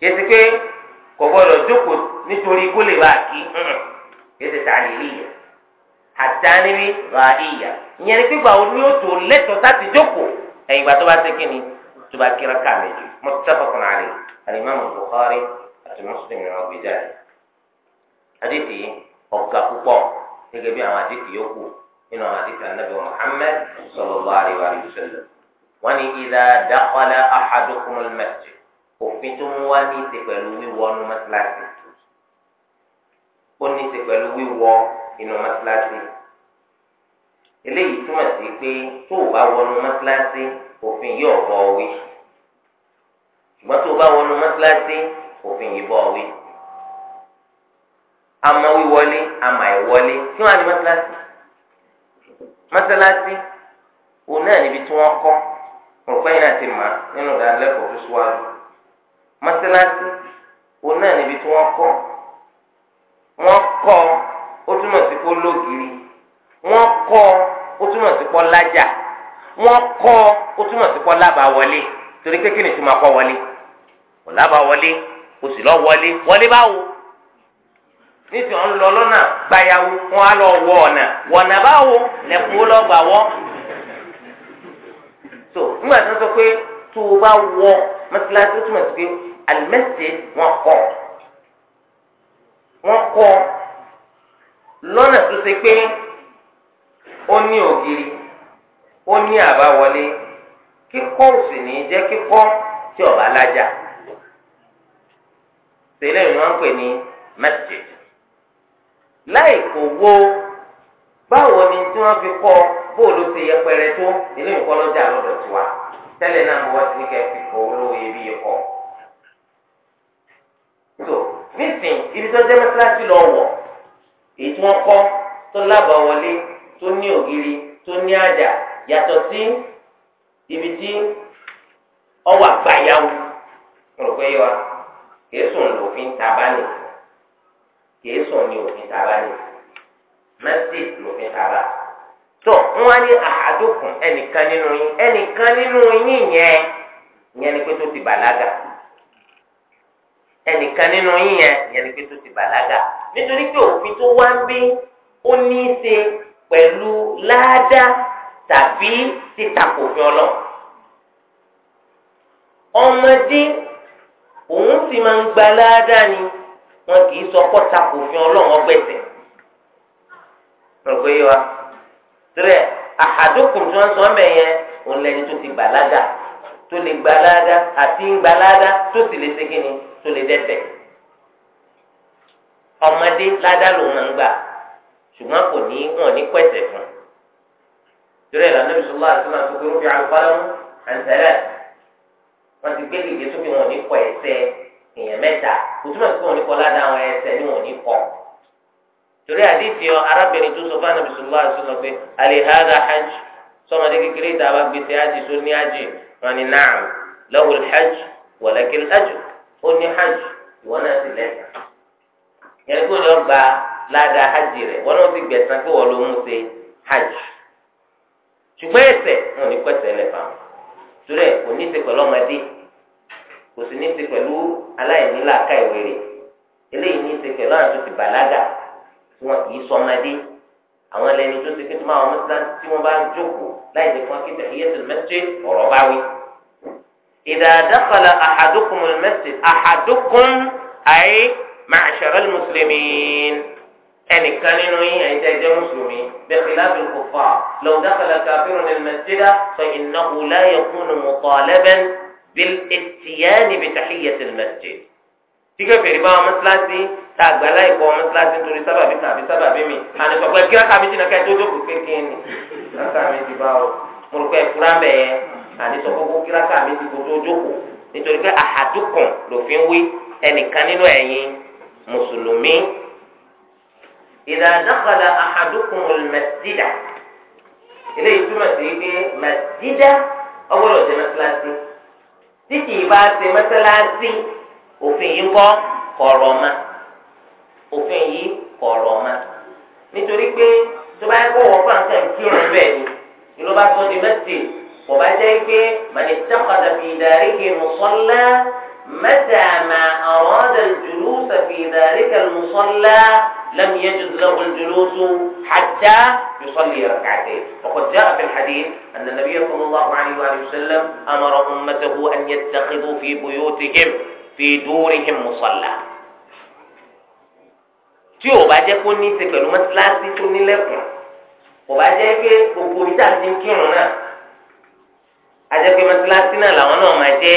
yẹsi pé kò gbọdọ̀ jókòó nítorí kó lè bá a kí yẹsi tá lè yẹ ata níbi gan ìyá ìyẹn ni pé gbàgbọ́ ni ó tó lẹ́tọ̀ sáti jókòó ẹ̀yìn ìgbà tó bá ṣe ni tó bá kíra ká méjì muttafaqun alayhi al-imam al-Bukhari àti Muslim ni wọ́n gbé jáde hadithi ọ̀gá púpọ̀ gẹ́gẹ́ bí àwọn hadithi yòókù nínú àwọn hadithi anabi Muhammad sallallahu alaihi wa sallam wọ́n ní idha dakhala ahadukumul masjid òfin tó mú wá ní ti pẹ̀lú wíwọ inú mọ́sálásí ó ní ti pẹ̀lú wíwọ inú mọ́sálásí eléyìí túmọ̀ sí pé tó o bá wọnú mọ́sálásí òfin yóò bọ̀ wí ṣùgbọ́n tó o bá wọnú mọ́sálásí òfin yìí bọ́ wí. àmọ́ wíwọlé àmọ́ ìwọlé kí wọ́n á ní mọ́sálásí mọ́sálásí òun náà níbi tí wọ́n kọ́ òrùka yìí náà ti mà nínú ìdánilẹ́kọ̀ọ́ tó síwájú mọ́sálásí òun náà níbi tí wọ́n kọ́ wọ́n kọ́ ó túmọ̀ sí kó lógiri wọ́n kọ́ ó túmọ̀ sí kó lájà wọ́n kọ́ ó túmọ̀ sí kó lábàá wọlé torí pé kí ni túmọ̀ kọ́ wọlé kò lábàá wọlé o sì lọ wọlé wọlé báwo nísì ọ̀n lọ lọ́nà gbayawu wọn á lọ wọ ọ̀nà wọ̀nà báwo lẹ́kùn lọ gbà wọ́. so nígbà tó ń sọ pé tó o bá wọ mọ́tíláṣí ó túmọ̀ sí pé àlùmẹ́sẹ̀ wọn kọ̀ wọn kọ̀ lọ́nà tó ṣe pé ó ní ògiri ó ní àbáwọlé kíkọ́ òsì ní jẹ́ kíkọ́ tí ọ̀bá lájà. tẹ́lẹ̀ ni wọ́n pè ní masjid láì kò wo báwo ni tí fi kọ bóòlù ṣe yẹpẹrẹ tó eléyìí kọ́ lọ́jà lọ́dọ̀ tiwa tẹlẹ náà mo wá sí ní kẹ́kẹ́ olówó so nísìnyí ibi tó jẹ́ mẹ́tíláṣí lọ èyí tí tó wọlé tó ní ibi tí àgbáyàwó kèésùn ni òfin tabani kèésùn ni òfin tabani mẹsì lòfin taba tó wọn ní àádókùn ẹnìkan nínú yín ẹnìkan nínú yín yẹn yẹn ni pé tó ti bàlágà ẹnìkan nínú yín yẹn yẹn ni pé tó ti bàlágà nítorí pé òfin tó wá ń bí ó ní í ṣe pẹ̀lú láàdá tàbí títakòfin ọlọ́run ọmọdé òun sì máa ń gba láàdá ni wọn kì í sọ pọ́ takò fi ọlọ́run ọgbẹ́sẹ̀ rògbé wa tẹ́lẹ̀ àhàdókùn tí wọ́n sọ ọ́ òun lẹni tó ti gbàládà tó lè gbàládà àti ń gbàládà tó sì lè segin ni tó lè dẹ́ṣẹ̀ ọmọdé ládá lòun máa ń gbà ṣùgbọ́n kò ní wọn ní pẹ̀sẹ̀ fún un tẹ́lẹ̀ lànà àti fi àlùfáà lọ́wọ́ wọn ti gbé gègé sókè wọn ò ní kọ ẹsẹ̀ èèyàn mẹ́ta kò túmọ̀ sí pé wọn ò ní kọ ládàá àwọn ẹsẹ̀ ni wọn ò ní kọ. torí àdìsí ọ arábìnrin tó sọ fáwọn bisimilá àti sọlọ pé alihada hajj sọmọdé kékeré tá a bá gbèsè hajj tó ní hajj wọn ni naam lawul hajj wọlẹkẹ hajj ó ní hajj ìwọ náà sì lẹsẹ. yẹn kó ní ọgbà ládàá hajj rẹ wọn náà ti gbẹ̀sán pé wọn ló mú ṣe hajj ṣùgbọ́n ẹsẹ̀ wọn ò ní kọ ẹsẹ̀ lẹ fáwọn torí ẹ kò ní í ṣe pẹ̀lú ọmọdé kò sì ní í ṣe pẹ̀lú aláìní làákà ìwéré eléyìí ní í ṣe pẹ̀lú àwọn tó ti bàlágà tí wọn kì í sọmọdé àwọn ẹlẹ́ni tó ti pé tó máa wọn mọ́sálásí tí wọ́n bá ń jókòó láì lè fún akéde ìyẹ́sìn mẹ́tírì ọ̀rọ̀ bá wí. idha dakhala ahadukum al-masjid ahadukum ay ma'shara ẹnìkan nínú yín ẹ̀yin tẹ́ mùsùlùmí bi khilafi al-kuffar law dakhala kafirun al بالاتيان بتحية المسجد tíkẹ́ fèrè bá wọn mọ́sálásí tá a gbà láì kọ́ mọ́sálásí nítorí sábàbí kan àbí sábàbí mi àní sọ pé kí rákà méjì náà kẹ́ tó jókòó kékeré ni rákà méjì bá o mo rò pé ẹ̀fúrá ń bẹ̀ yẹn àní sọ kókó kí rákà méjì kó tó jókòó nítorí pé àhàdùkùn lòfin wí ẹnìkan nínú ẹ̀yin mùsùlùmí. ìdá dákàlà àhàdùkùn eléyìí túmọ̀ sí pé mẹsídà ọgbọ́dọ̀ jẹ́ mọ́sálásí tí kì í bá ṣe mọ́sálásí òfin yìí kọ́ kọ̀rọ̀ ma òfin yìí kọ̀rọ̀ ma nítorí pé tó bá yẹ kó wọ́n fáńkà kírun bẹ́ẹ̀ ni ìlú bá di mẹ́sì kò bá jẹ́ pé màdìtẹ́kọ̀dà fi ìdarí kì í mú sọ́lá. متى ما أراد الجلوس في ذلك المصلى لم يجد له الجلوس حتى يصلي ركعتين وقد جاء في الحديث أن النبي صلى الله عليه وآله وسلم أمر أمته أن يتخذوا في بيوتهم في دورهم مصلى tí o bá jẹ́ kó ní ṣe pẹ̀lú mọ́síláṣí tó nílẹ̀kùn kò bá jẹ́ pé gbogbo ìjà ti ń kírun náà a jẹ́ pé náà làwọn náà máa jẹ́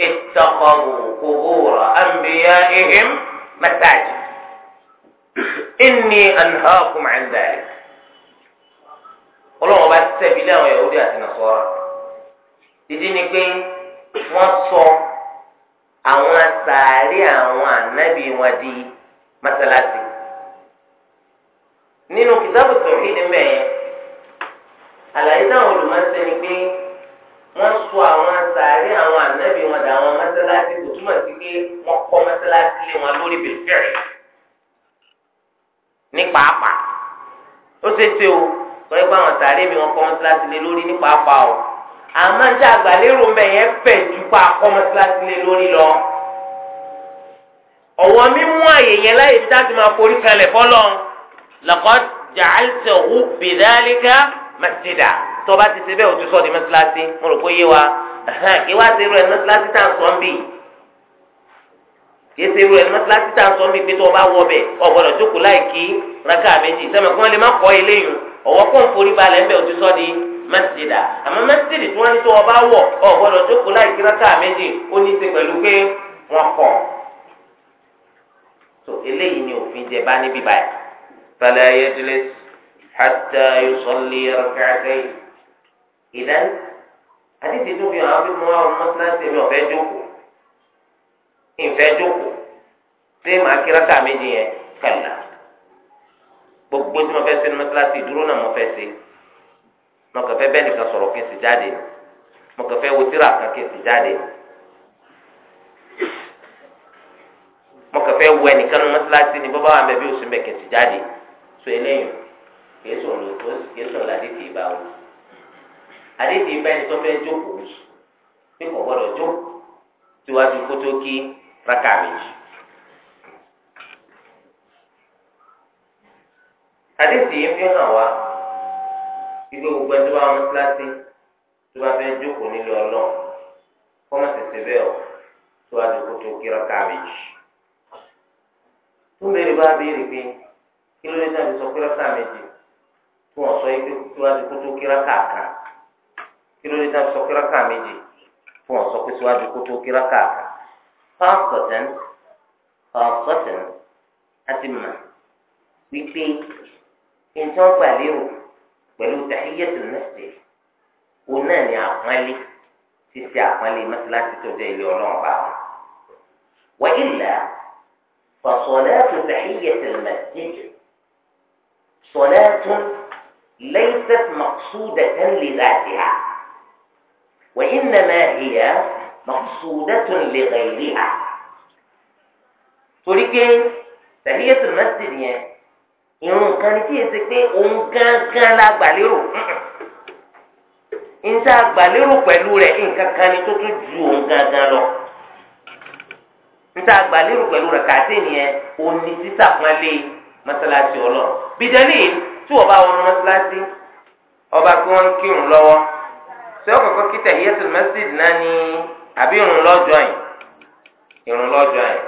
اتخذوا قبور أنبيائهم مساجد إني أنهاكم عن ذلك ọlọ́run ọba tẹ̀bi láwọn yahudi àti nasọ́ra dídí ni pé wọ́n sọ àwọn sàárì àwọn ànábì wọn di mọ́sálásí nínú kìtàbù tòhídìí mẹ́ẹ̀ àlàyé táwọn olùmọ̀ ń pé. wọ́n sọ àwọn sàárè àwọn ànábì wọn dà àwọn mọ́sálásí kò túmọ̀ sí pé wọ́n kọ́ mọ́sálásí lé wọn lórí bẹ̀rẹ̀ ní pàápàá ó ṣe ṣe o wọ́n yẹ kó àwọn sàárè mi wọ́n kọ́ mọ́sálásí lé lórí ní pàápàá o àmọ́ ní àgbàlérò mẹ́ yẹn fẹ̀ ju pa kọ́ mọ́sálásí lé lórí lọ. ọ̀wọ́ mímú àyè yẹn láyè bí táàtì máa forí kalẹ̀ fọ́lọ́ laqad ja'altahu bidhalika masjida tọba ti ṣe bẹ́ẹ̀ o ti sọ di mẹ́sàlásí mo rò pé yé wa kí wá ṣe irú ẹ̀ mẹ́sàlásí ń sọ ń bì kí ṣe irú ẹ̀ mẹ́sàlásí tá ń sọ ń bì pé tó o bá wọ bẹ̀ o gbọ́dọ̀ jókòó láì rákà méjì sẹ́mi kí wọ́n lè má kọ́ eléyìí ọ̀wọ́ kó ń forí balẹ̀ ń bẹ̀ o ti sọ di mẹ́sìdà àmọ́ mẹ́sìdì tí wọ́n ní tó o bá wọ̀ o gbọ́dọ̀ jókòó láì rákà méjì ó ní ṣe pẹ̀lú pé wọ́n kọ̀ so eléyìí ni òfin jẹ ìdán àdìsí tó fi hàn fún wa mọ́sálásí mi ọ̀fẹ́ jókòó ìfẹ́ jókòó ṣé màá kí rákà méjì yẹn kàlà gbogbo tí mo fẹ́ ṣe ní mọ́sálásí dúró náà mo fẹ́ ṣe mo kàn fẹ́ bẹ́ẹ̀ nìkan sọ̀rọ̀ kí n sì jáde mo kàn fẹ́ wo tíra kan kí n sì jáde mo kàn fẹ́ wo ẹnìkan ní mọ́sálásí ni bọ́bá wa bẹ bí oṣù mẹ́kẹ̀ẹ́sì jáde so eléyìí kìí sọ̀rọ̀ kìí sọ̀rọ̀ láti ìbáwọ̀ àdéhùn ibà ẹni tó fẹ́ jókòó pé kò gbọ́dọ̀ jókòó tiwájú kótó kí rákà méjì. àdéhùn yìí fi hàn wá ibi gbogbo ẹni tó bá wọn kíláàsì tó bá fẹ́ jókòó nílé ọlọ́run kọ́mọ̀ tètè bẹ́ẹ̀ ọ̀ tiwájú kótó kí rákà méjì. tó béèrè bá béèrè pé kí ló dé sáà fi sọ pé rákà méjì tí wọ́n sọ yìí pé tiwájú kótó kí rákà kan. kí ló dé tá a sọ kíráka méjì fún ọ̀sọ́ pé síwájú kó tó kíráka kan fáfọ̀tẹ́n fáfọ̀tẹ́n àti mà wípé nǹkan gbàlérò pẹ̀lú tàhíyẹ̀tì mẹ́sẹ̀ òun náà ni àpọ́nlé títí àpọ́nlé mẹ́sàlásì tó dé ilé ọlọ́run bá wọn. wàhílà fọ̀sọ̀lẹ́tù tàhíyẹ̀tì mẹ́sẹ̀ sọ̀lẹ́tù lẹ́yìn sẹ́tì mọ̀ṣúdẹ̀tẹ̀ lè dàdí ha. وإنما هي مقصودة لغيرها torí pé tahiyatul masjid yẹn irun kan ní tí èsì pé òun gángan la gbàlérò níta gbàlérò pẹ̀lú rẹ̀ nǹkan kan ní tó tún ju òun gángan lọ níta gbàlérò pẹ̀lú rẹ̀ kàtí nìyẹn òní títà pọ́nlé mọ́sálásí ọlọ́run bídẹ́lì tí wọ́n bá wọnú mọ́sálásí ọba kí wọ́n ń kírun lọ́wọ́ ṣé ó kọ́kọ́ kí tahiyatul masjid náà ní àbí irun lọ́jọ́ yìí irun lọ́jọ́ yìí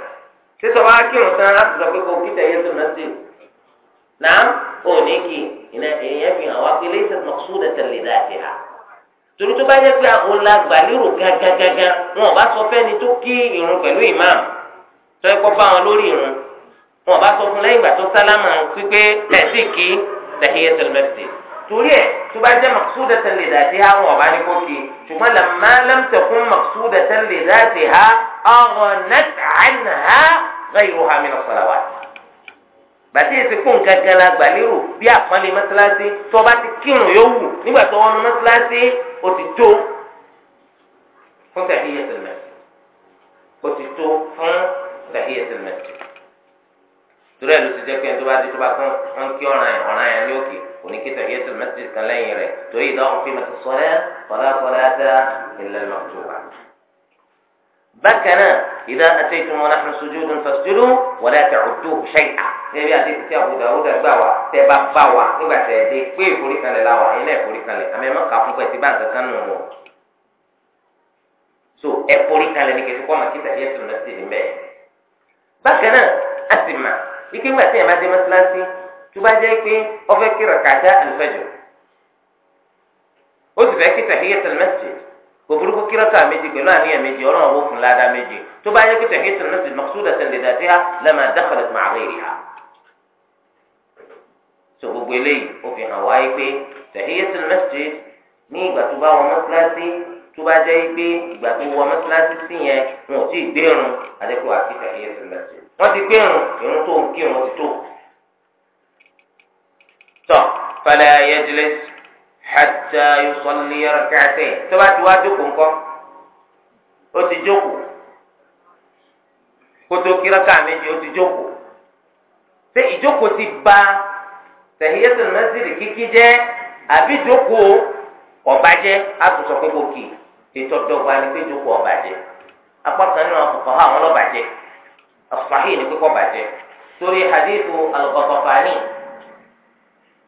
ṣé sọ wá kírun tán láti sọ pé kò kí tahiyatul masjid náà ò ní kí ìná èèyàn fi hàn wá pé lè ṣe maqsudatan li dhatiha torí tó bá yẹ pé àwọn làgbàlérò gágágágá wọn ò bá sọ fẹ́ni tó kí irun pẹ̀lú ìmáàmù tó ẹkọ bá wọn lórí irun wọn ò bá sọ fún lẹ́yìn ìgbà tó sálámà pípé tẹ̀sí kí tahiyatul masjid torí ẹ tó bá jẹ maksuda tẹlẹ dàtí ha wọn ọba ní kó kí ṣùgbọ́n lamma lam takun maksuda tẹlẹ dàtí ha aghnat anha ghayruha min as-salawat bàtí èsì kó nǹkan gan la gbàlérò bí àpọ́nlé mọ́sálásí tó bá ti kírun yóò wù nígbà tó wọnú mọ́sálásí ó ti tó fún tahiyatul masjid ó ti tó fún tahiyatul masjid torí ẹ̀ ló ti jẹ́ pé ẹni tó bá di tó bá kún wọn kí ọ̀ràn yẹn ọ̀ràn yẹn ní òkè. ونيك تحيات المسجد كان لا يراه تريد ضعف قيمة الصلاة فلا صلاة إلا المكتوعة بكنا إذا أتيتم ونحن سجود فاسجدوا ولا تعدوه شيئا يبي أن تكتب أبو داود أكباوة تباك باوة يبقى إيه تأتي كيف فريقا للاوة إلا إيه فريقا للاوة أما يمكن أن تكون تباك تكنوه so ẹ pori kan lẹ ní kẹsùn kọ ọmọ kí tàbí ẹsùn lọ sí ibi bẹẹ bákan náà a sì tó bá jẹ́ pé ọfẹ́ kí rakata alifajọ ó sì fẹ́ kí tahiyatul masjid kò burúkú kí raka méjì pẹ̀lú àníyàn méjì ọlọ́run ó fún ládàá méjì tó bá jẹ́ pé tahiyatul masjid maqsudatan li dhatiha lama dakhalat ma'a ghayriha so gbogbo eléyìí ó fi hàn wáyé pé tahiyatul masjid ní ìgbà tó bá wọn mọ́sálásí tó bá jẹ́ pé ìgbà tó wọ mọ́sálásí sí yẹn wọn ò tí ì gbé ti gbé irun irun tó ń ti tó tọ a yajlis hatta yusalli rak'atayn tó bá ti wá jókòó ńkọ́ ó ti jókòó kótó kíráká méjì ti jókòó ṣé ìjókòó ti ba tahiyatul masjid kíkí jẹ́ àbí jókòó ọba je á tún sọ ni kan ni hadithu al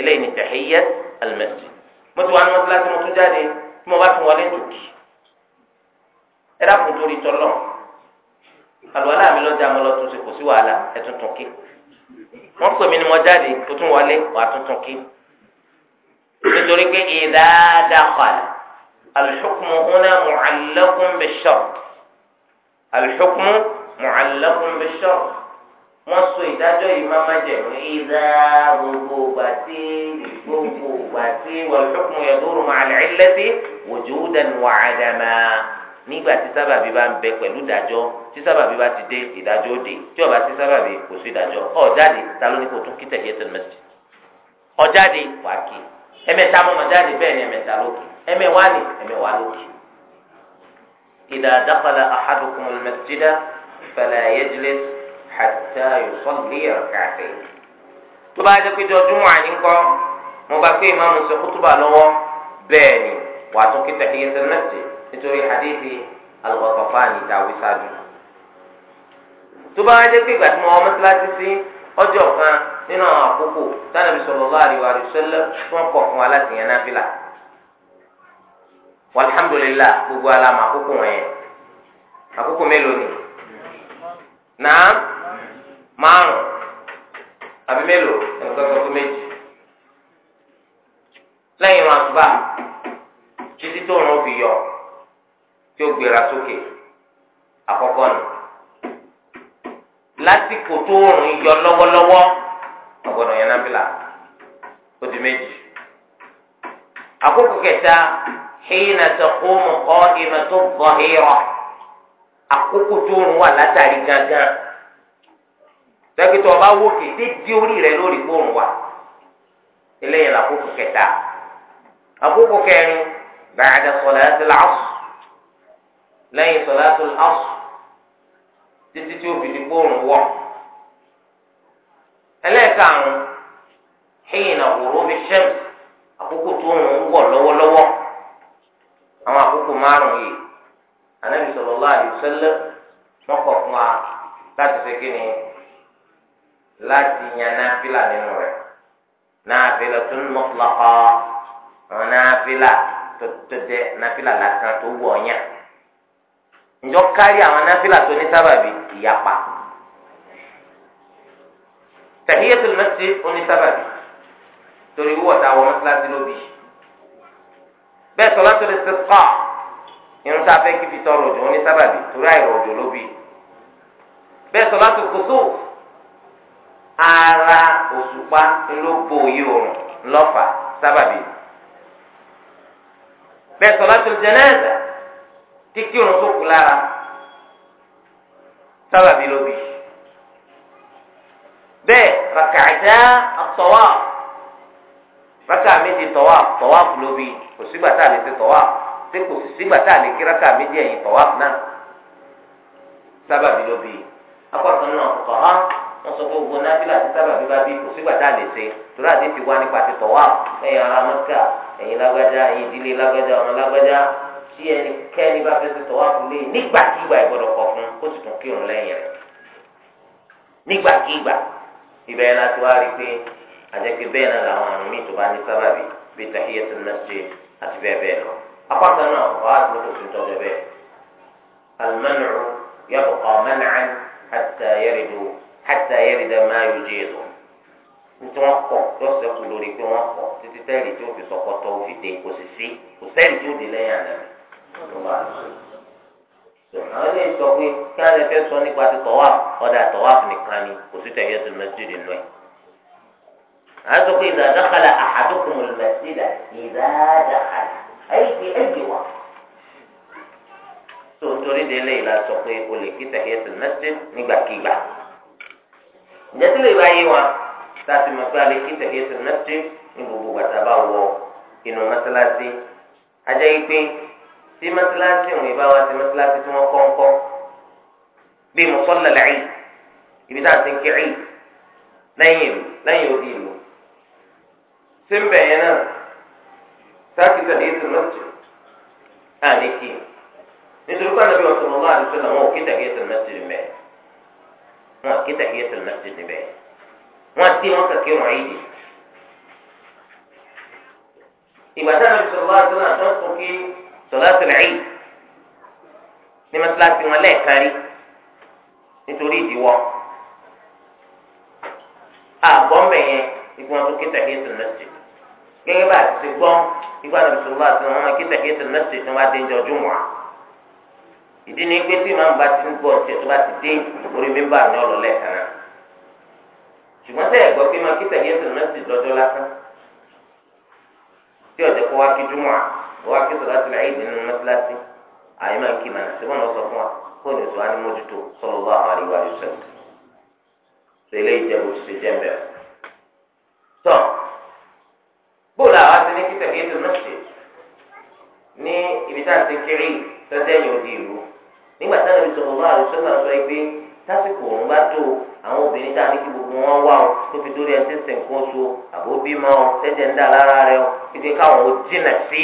eléyìí ni tẹ̀híyẹ alimẹ́tì mo ti wá ní mọ́tíláṣí mo tún jáde tí mo bá tún wọlé tòkì ẹ dákun torí tọ́lọ̀ àlùwalá mi lọ́jà mo lọ tún ṣe kò sí wàhálà ẹ tún kí wọ́n pè mí ni mo jáde kó tún wọlé wàá tún tún kí nítorí pé ìdáadáa الحكم هنا معلق بالشرط الحكم معلق بالشرط wọ́n so ìdájọ́ yìí máa má jẹ̀mú ìdá gbogbo ìgbà tí gbogbo ìgbà tí wal-hukmu yaduru ma'a al-'illati wujudan wa 'adaman nígbà tí sábàbí bá ń bẹ pẹ̀lú ìdájọ́ tí sábàbí bá ti dé ìdájọ́ òde tí ó bá ti sábàbí kò sí ìdájọ́ ọ̀jáde ta ló ní kó tún kí tahiyatul masjid ọ̀jáde wàá kí ẹ̀mẹta mọ́mọ́ jáde bẹ́ẹ̀ ni ẹ̀mẹta lókè ẹ̀mẹwàá ni ẹ̀mẹwàá lókè. idha dakhala ahadukumul masjida fala yajlis hatta yusalli rak'atayn tó bá jẹ́ pé jọjú mọ́ àyín kọ́ mo bá pé ìmáàmù sọ kútùbà lọ́wọ́ bẹ́ẹ̀ ni wàá tún kí nítorí hadithi al-Ghatafani ìdáwí sáájú tó bá jẹ́ pé ìgbà tí mo wọ́n mọ́tíláṣí sí ọjọ́ kan nínú àwọn àkókò tánàbí sallallahu walhamdulillah gbogbo ma àkókò wọn yẹn àkókò márùn àbí mélòó ẹni tó sọ pé méjì lẹ́yìn ìrun àsùbá títí tó rún fi yọ tí ó gbéra sókè àkọ́kọ́ nù lásìkò tó rún yọ lọ́wọ́lọ́wọ́ ọ̀gbọ́dọ̀ yẹn nábìlà ó di méjì àkókò kẹta hìnà taqumu qa'imatu dhahira àkókò tó rún wà látàrí gángan tẹ́kítọ́ ọba wókè dédé orí rẹ lórí gbóòrùn wa eléyìí làkókò kẹta àkókò kẹrin bàdà sọláàtì làásù lẹ́yìn sọláàtì làásù títí tí òfin di gbóòrùn wọ̀ ẹlẹ́ẹ̀karùn hìn àwòrán omi sẹ́m àkókò tó ń wọ̀ lọ́wọ́lọ́wọ́ àwọn àkókò márùn yìí Ànábì sallallahu alaihi wasallam wọn kọ̀ fún wa láti ṣe kí ni láti yan náfìlà nínú rẹ̀ náfìlà tó ń mọ́tòlọ́kọ́ àwọn náfìlà tó jẹ́ náfìlà lásán tó wù ọ̀yàn ǹjọ́ kárí àwọn náfìlà tó ní sábàbí ìyapa tahiyatul masjid oní sábàbí torí wíwọ̀ tá a wọ mọ́sálásí lóbi bẹ́ẹ̀ salatul istisqa irun tá a fẹ́ kí fi tọrọ òjò oní sábàbí torí àìrọ̀ òjò lóbi bẹ́ẹ̀ salatul kusuf ara òṣùpá ńlọgbọ òye òrùn ńlọfà sábàbí. bẹ́ẹ̀ sọ̀látùl jánásà kíkí òrùn tó kù lára sábàbí ló bì. bẹ́ẹ̀ ràkàtà àtọwà rákà méjì tọwà tọwà ló bì kò sígbà tá a lè ti tọwà tí kò sígbà tá a lè kí rákà méjì ẹ̀yìn tọwà náà sábàbí ló bì. akọ́sọ̀ náà kọ̀ wọ́n sọ pé gbogbo náfìlà ti sábà bí bá bí kò sígbà tá a lè ṣe torí àti fi wá nípa ti tọ̀wá ẹ̀yìn ara mọ́kà ẹ̀yìn lágbájá ẹ̀yìn ìdílé lágbájá ọmọ lágbájá tí ẹnikẹ́ni bá fẹ́ ti tọ̀wá fún lé nígbàkigbà ìgbọ́dọ̀ kọ̀ fún kó sì tún kírun lẹ́yìn rẹ̀ nígbàkigbà ìbẹ̀rẹ̀ láti wá rí i pé àjẹpẹ́ bẹ́ẹ̀ náà làwọn àrùn míì tó bá ní sábàbí bíi tahiyatul masjid hàtà yẹ́rìndà máa yọ jẹ́ ìlú tí wọ́n kọ̀ lọ́sẹ̀ kù lórí pé wọ́n kọ̀ títí tẹ́lì tí ó fi sọ̀kọ́ tó fi dé kò sì sí kò sẹ́lì tí ó dé lẹ́yìn àná tó wà lọ́sẹ̀. àwọn ilé sọ pé kí á lè fẹ́ sọ nípa ti tọ́wà ọ̀dà tọ́wà nìkan ni kò sí tẹ̀yẹ́ tó lọ sí ìdènà ẹ̀. à sọ pé idha dakhala ahadukum al-masjid idha dakhala ayé ẹ̀jẹ̀ wà. tó ń délé ìlà sọ pé olè kí tẹ̀yẹ́ tó lọ sí ǹjẹ́ tí lè báyé wa tá a ti mọ̀ pé a lè kí tẹ̀lé ẹsẹ̀ mẹ́tírì ní gbogbo gbàtà bá wọ inú mọ́sálásí ajẹ́ yìí pé tí mọ́sálásí òun ìbá wa ti mọ́sálásí tí wọ́n kọ́ńkọ́ bí mùsọ́lá làyè ibi tá a ti ń kí ẹ̀ lẹ́yìn ìlú lẹ́yìn odi ìlú tí ń bẹ̀ náà sáàkì tẹ̀lé ẹsẹ̀ mẹ́tírì àníkì nítorí pé àná bí wọ́n sọ̀rọ̀ lọ́wọ́ àdúgbò náà wọn ò kí tẹ̀lé ẹsẹ̀ mẹ́tírì mẹ́ẹ̀ wọn kí tẹ̀kí ẹsẹ̀ lọ́sì níbẹ̀ wọn tí wọn kàkí wọn yìí dì. ìgbà táwọn ẹbí sọ̀rọ̀ wá sọ̀rọ̀ àtọ́ fún kí sọ̀rọ̀ àtọ̀rọ̀ yìí ní mọ́tíláṣí wọn lẹ́ẹ̀kan rí nítorí ìdíwọ́. àgbọ̀n bẹ̀yẹn ikú wọn tó kí tẹ̀kí ẹsẹ̀ lọ́sì gẹ́gẹ́ bá a ti gbọ́ ikú àtọ̀rọ̀ sọ̀rọ̀ wá wọn kí tẹ̀kí ẹsẹ̀ lọ́sì tó wá dé jọjú wọn. ìdí ni pé tí màá bá ti ń tó bá ti dé orí mímbà ní ọ̀lọ́lẹ̀ kan náà ṣùgbọ́n sẹ́yìn gbọ́ pé máa kíta yẹn sọ̀rọ̀ náà sì lọ́jọ́ lásán tí ọ̀jẹ̀ kọ́ wá kí júmọ̀ à wá kí sọ̀rọ̀ láti ìdí nínú àyè máa kí màá ṣe sọ fún wa kó sọ̀rọ̀ wá àwọn àríwá sẹ́yìn nígbà tí Ànábì sallallahu alaihi wasallam sọ pé tásìkò òun bá tó àwọn obìnrin tá a ní kí gbogbo wọn wá o tó fi dórí ẹni tẹsán nǹkan oṣù àbó bímọ o tẹsán ń dà lára rẹ o ibi káwọn ò jìnà sí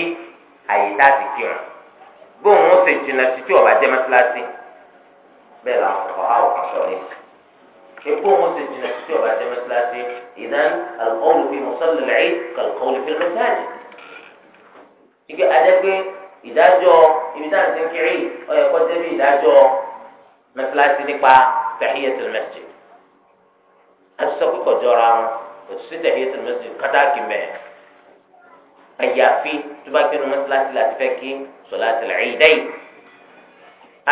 àyè tá kí wọn gbóhùn ó sì jìnà sí tí ọba jẹ mọ́tíláṣí bẹ́ẹ̀ la ọkọ̀ àwọn aṣọ rẹ epo wọn sì jìnà sí tí ọba jẹ mọ́tíláṣí ìdán alukọ́wùlù ìdájọ́ ibi tá à ń sin kiri ọyọ kọjá bí ìdájọ́ mẹsàlásì nípa tahiyatul masjid asọ kíkọ jọra wọn òtútù tahiyatul masjid kátàkì mẹ àyàfi tó bá kínú mẹsàlásì láti fẹ kí salatul iidayn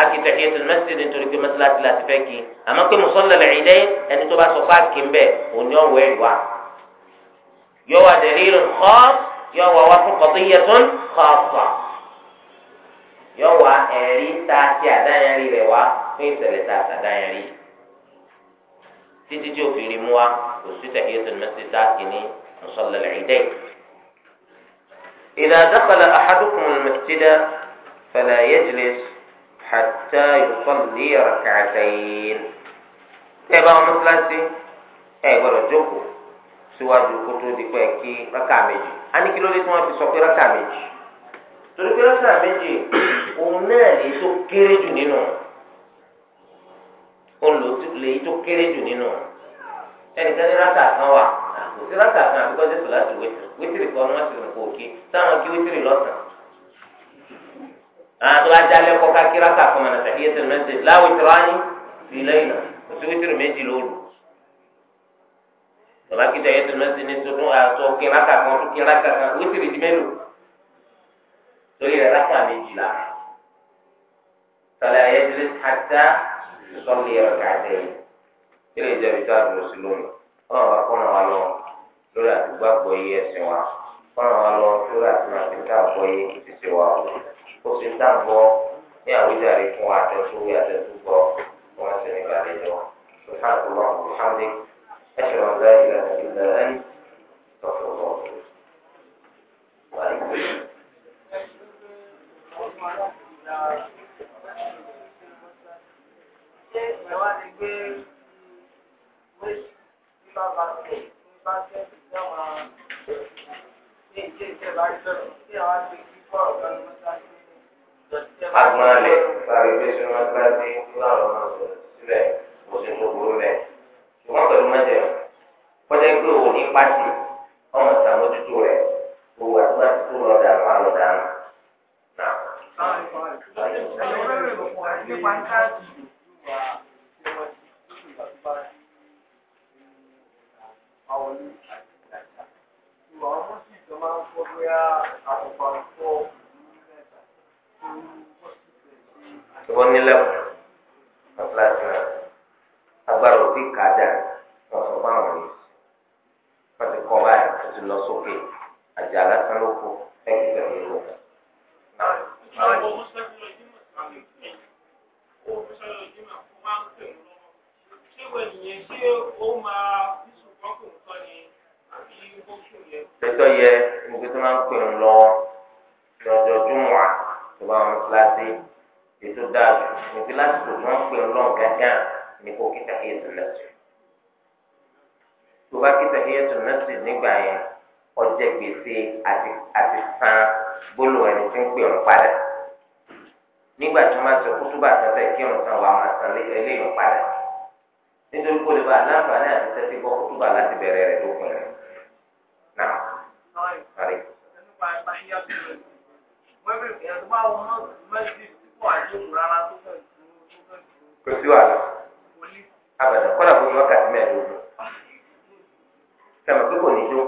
aki tahiyatul masjid nítorí pé mẹsàlásì láti fẹ kí àmọ́ pé musallal iidayn ẹni tó bá sọ fáàkì ń bẹ òní ọwọ ẹ wá yọ yọ wá wá fún qadiyyatun khaassa yọ wá ẹ̀rí tá a ṣe àdáyanrí rẹ̀ wá fún ìṣẹ̀lẹ̀ tá a ṣàdáyanrí títí tí ó fi rí mu wá kò sí tahiyatul masjid tá a kì ní musalla al-idayn. idha dakhala ahadukum al-masjid fala yajlis hatta yusalli ẹ bá wọn mọ́sálásí ẹ gbọ́dọ̀ jókòó síwájú kótó dípẹ́ kí rákà méjì. a ní kí ló dé tí wọ́n fi sọ pé rákà méjì torí pé rákà méjì òun náà lè tó kéré jù nínú òun lè tó kéré jù nínú ẹnìkan ní rákà kan wà kò sí rákà kan àbíkọ́ jẹ́ sọ̀lá tó wẹ́tìrì wẹ́tìrì kan wọ́n ti rìn kò kí táwọn kí wẹ́tìrì lọ́sàn-án àti wàá jalè kọ ká kíra ká fún ọmọ tàbí ẹsẹ mẹsẹ láwùjọ tí wọn á ní sí lẹ́yìn náà oṣù wítìrì méjì lóru tọ́lá kíta ẹsẹ mẹsẹ ní tuntun àtọ kíra ká kan kíra ká kan wítìrì di mélòó torí rẹ̀ rákà méjìlá sọlá ayé ti lè hàtà sọlá ẹ̀rọ kàdé kí lè jẹ́ ìjọ àdúró sí lónìí ọlọ́run bá kọ́nà wa lọ lórí àtúgbò àgbọ̀ yìí ẹ̀sìn wa kọ́nà wa lọ lórí àtúgbò àtúgbò àgbọ̀ yìí ṣiṣẹ́ wa ó sì ń dàgbọ́ ní àwíjàre fún wa àtẹ̀sùwé àtẹ̀sùgbọ́ wọn sì ní ìgbàlẹ̀ jọ سبحانك اللهم وبحمدك أشهد أن لا إله إلا أنت استغفر الله وأتوب إليك ṣé ìjọba ti gbé wéṣí tí bàbá ṣe ní bá ṣe ìjọba ní ìdí ìjọba ìjọba tí àwọn ti kí kọ̀ọ̀ kan ní mọ́ṣáláṣí. sọ sílẹ̀ mo sì mú burú lẹ̀. Ṣùgbọ́n pẹ̀lú mọ́jẹ̀ kọjá pé òun pàṣẹ ọmọ ìsàmójútó rẹ̀ òun àti láti tó lọ dànù àlọ́ dànù. Ìwọ nílẹ̀ ọ̀pọ̀lọpọ̀ agbára òbí kàdà ọ̀sọ̀ báwọn ní wọ́n ti kọ́ báyìí irú ẹnìyẹn ṣé ó máa bísùn kọ́kùn kan ni àbí ó sùn yẹ. tẹ́tọ́ yẹ níbi tó máa ń pè ń lọ lọ́jọ́ júmọ̀ tó bá wọn kíláàsì ètò dáàbò ní kíláàsì tó máa ń pè ń lọ gángan ní kò kíta kí ètò lẹ́sìn. tó bá kíta kí ètò lẹ́sìn nígbà yẹn ọjẹ́ gbèsè àti san gbólò ẹni tí ń pè ń padà nígbà tí wọ́n bá sọ kótó bàtà tẹ̀ kí ọ̀nà tán wàá máa san eléyìí padà nítorí kó lè bá aláǹfààní àti tẹ́tí gbọ́ kó túbà láti bẹ̀rẹ̀ rẹ̀ lópin rẹ̀. Náà, parí. Kò sí wàhálà. Àbàdàn kọ́lá fún mi wákàtí mẹ́ẹ̀ẹ́dógún. Sọ̀rọ̀ pé kò ní jó.